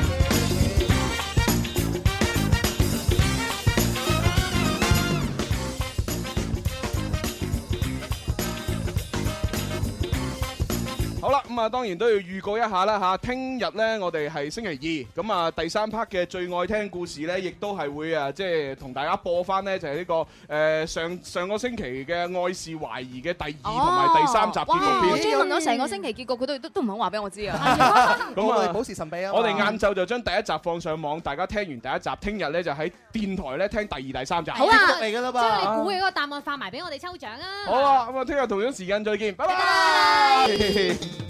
啦咁啊，當然都要預告一下啦吓。聽日咧，我哋係星期二，咁、嗯、啊第三 part 嘅最愛聽故事咧，亦都係會啊，即係同大家播翻咧，就係、是、呢、這個誒、呃、上上個星期嘅愛是懷疑嘅第二同埋第三集結局篇，哦。哇！專門等成個星期結局，佢都都唔肯話俾我知 啊。咁我哋保持神秘啊！我哋晏晝就將第一集放上網，大家聽完第一集，聽日咧就喺電台咧聽第二、第三集。好啊，嚟噶啦噃。將你估嘅嗰個答案發埋俾我哋抽獎啊！好啊，咁、嗯、啊，聽日同樣時間再見，拜拜。拜拜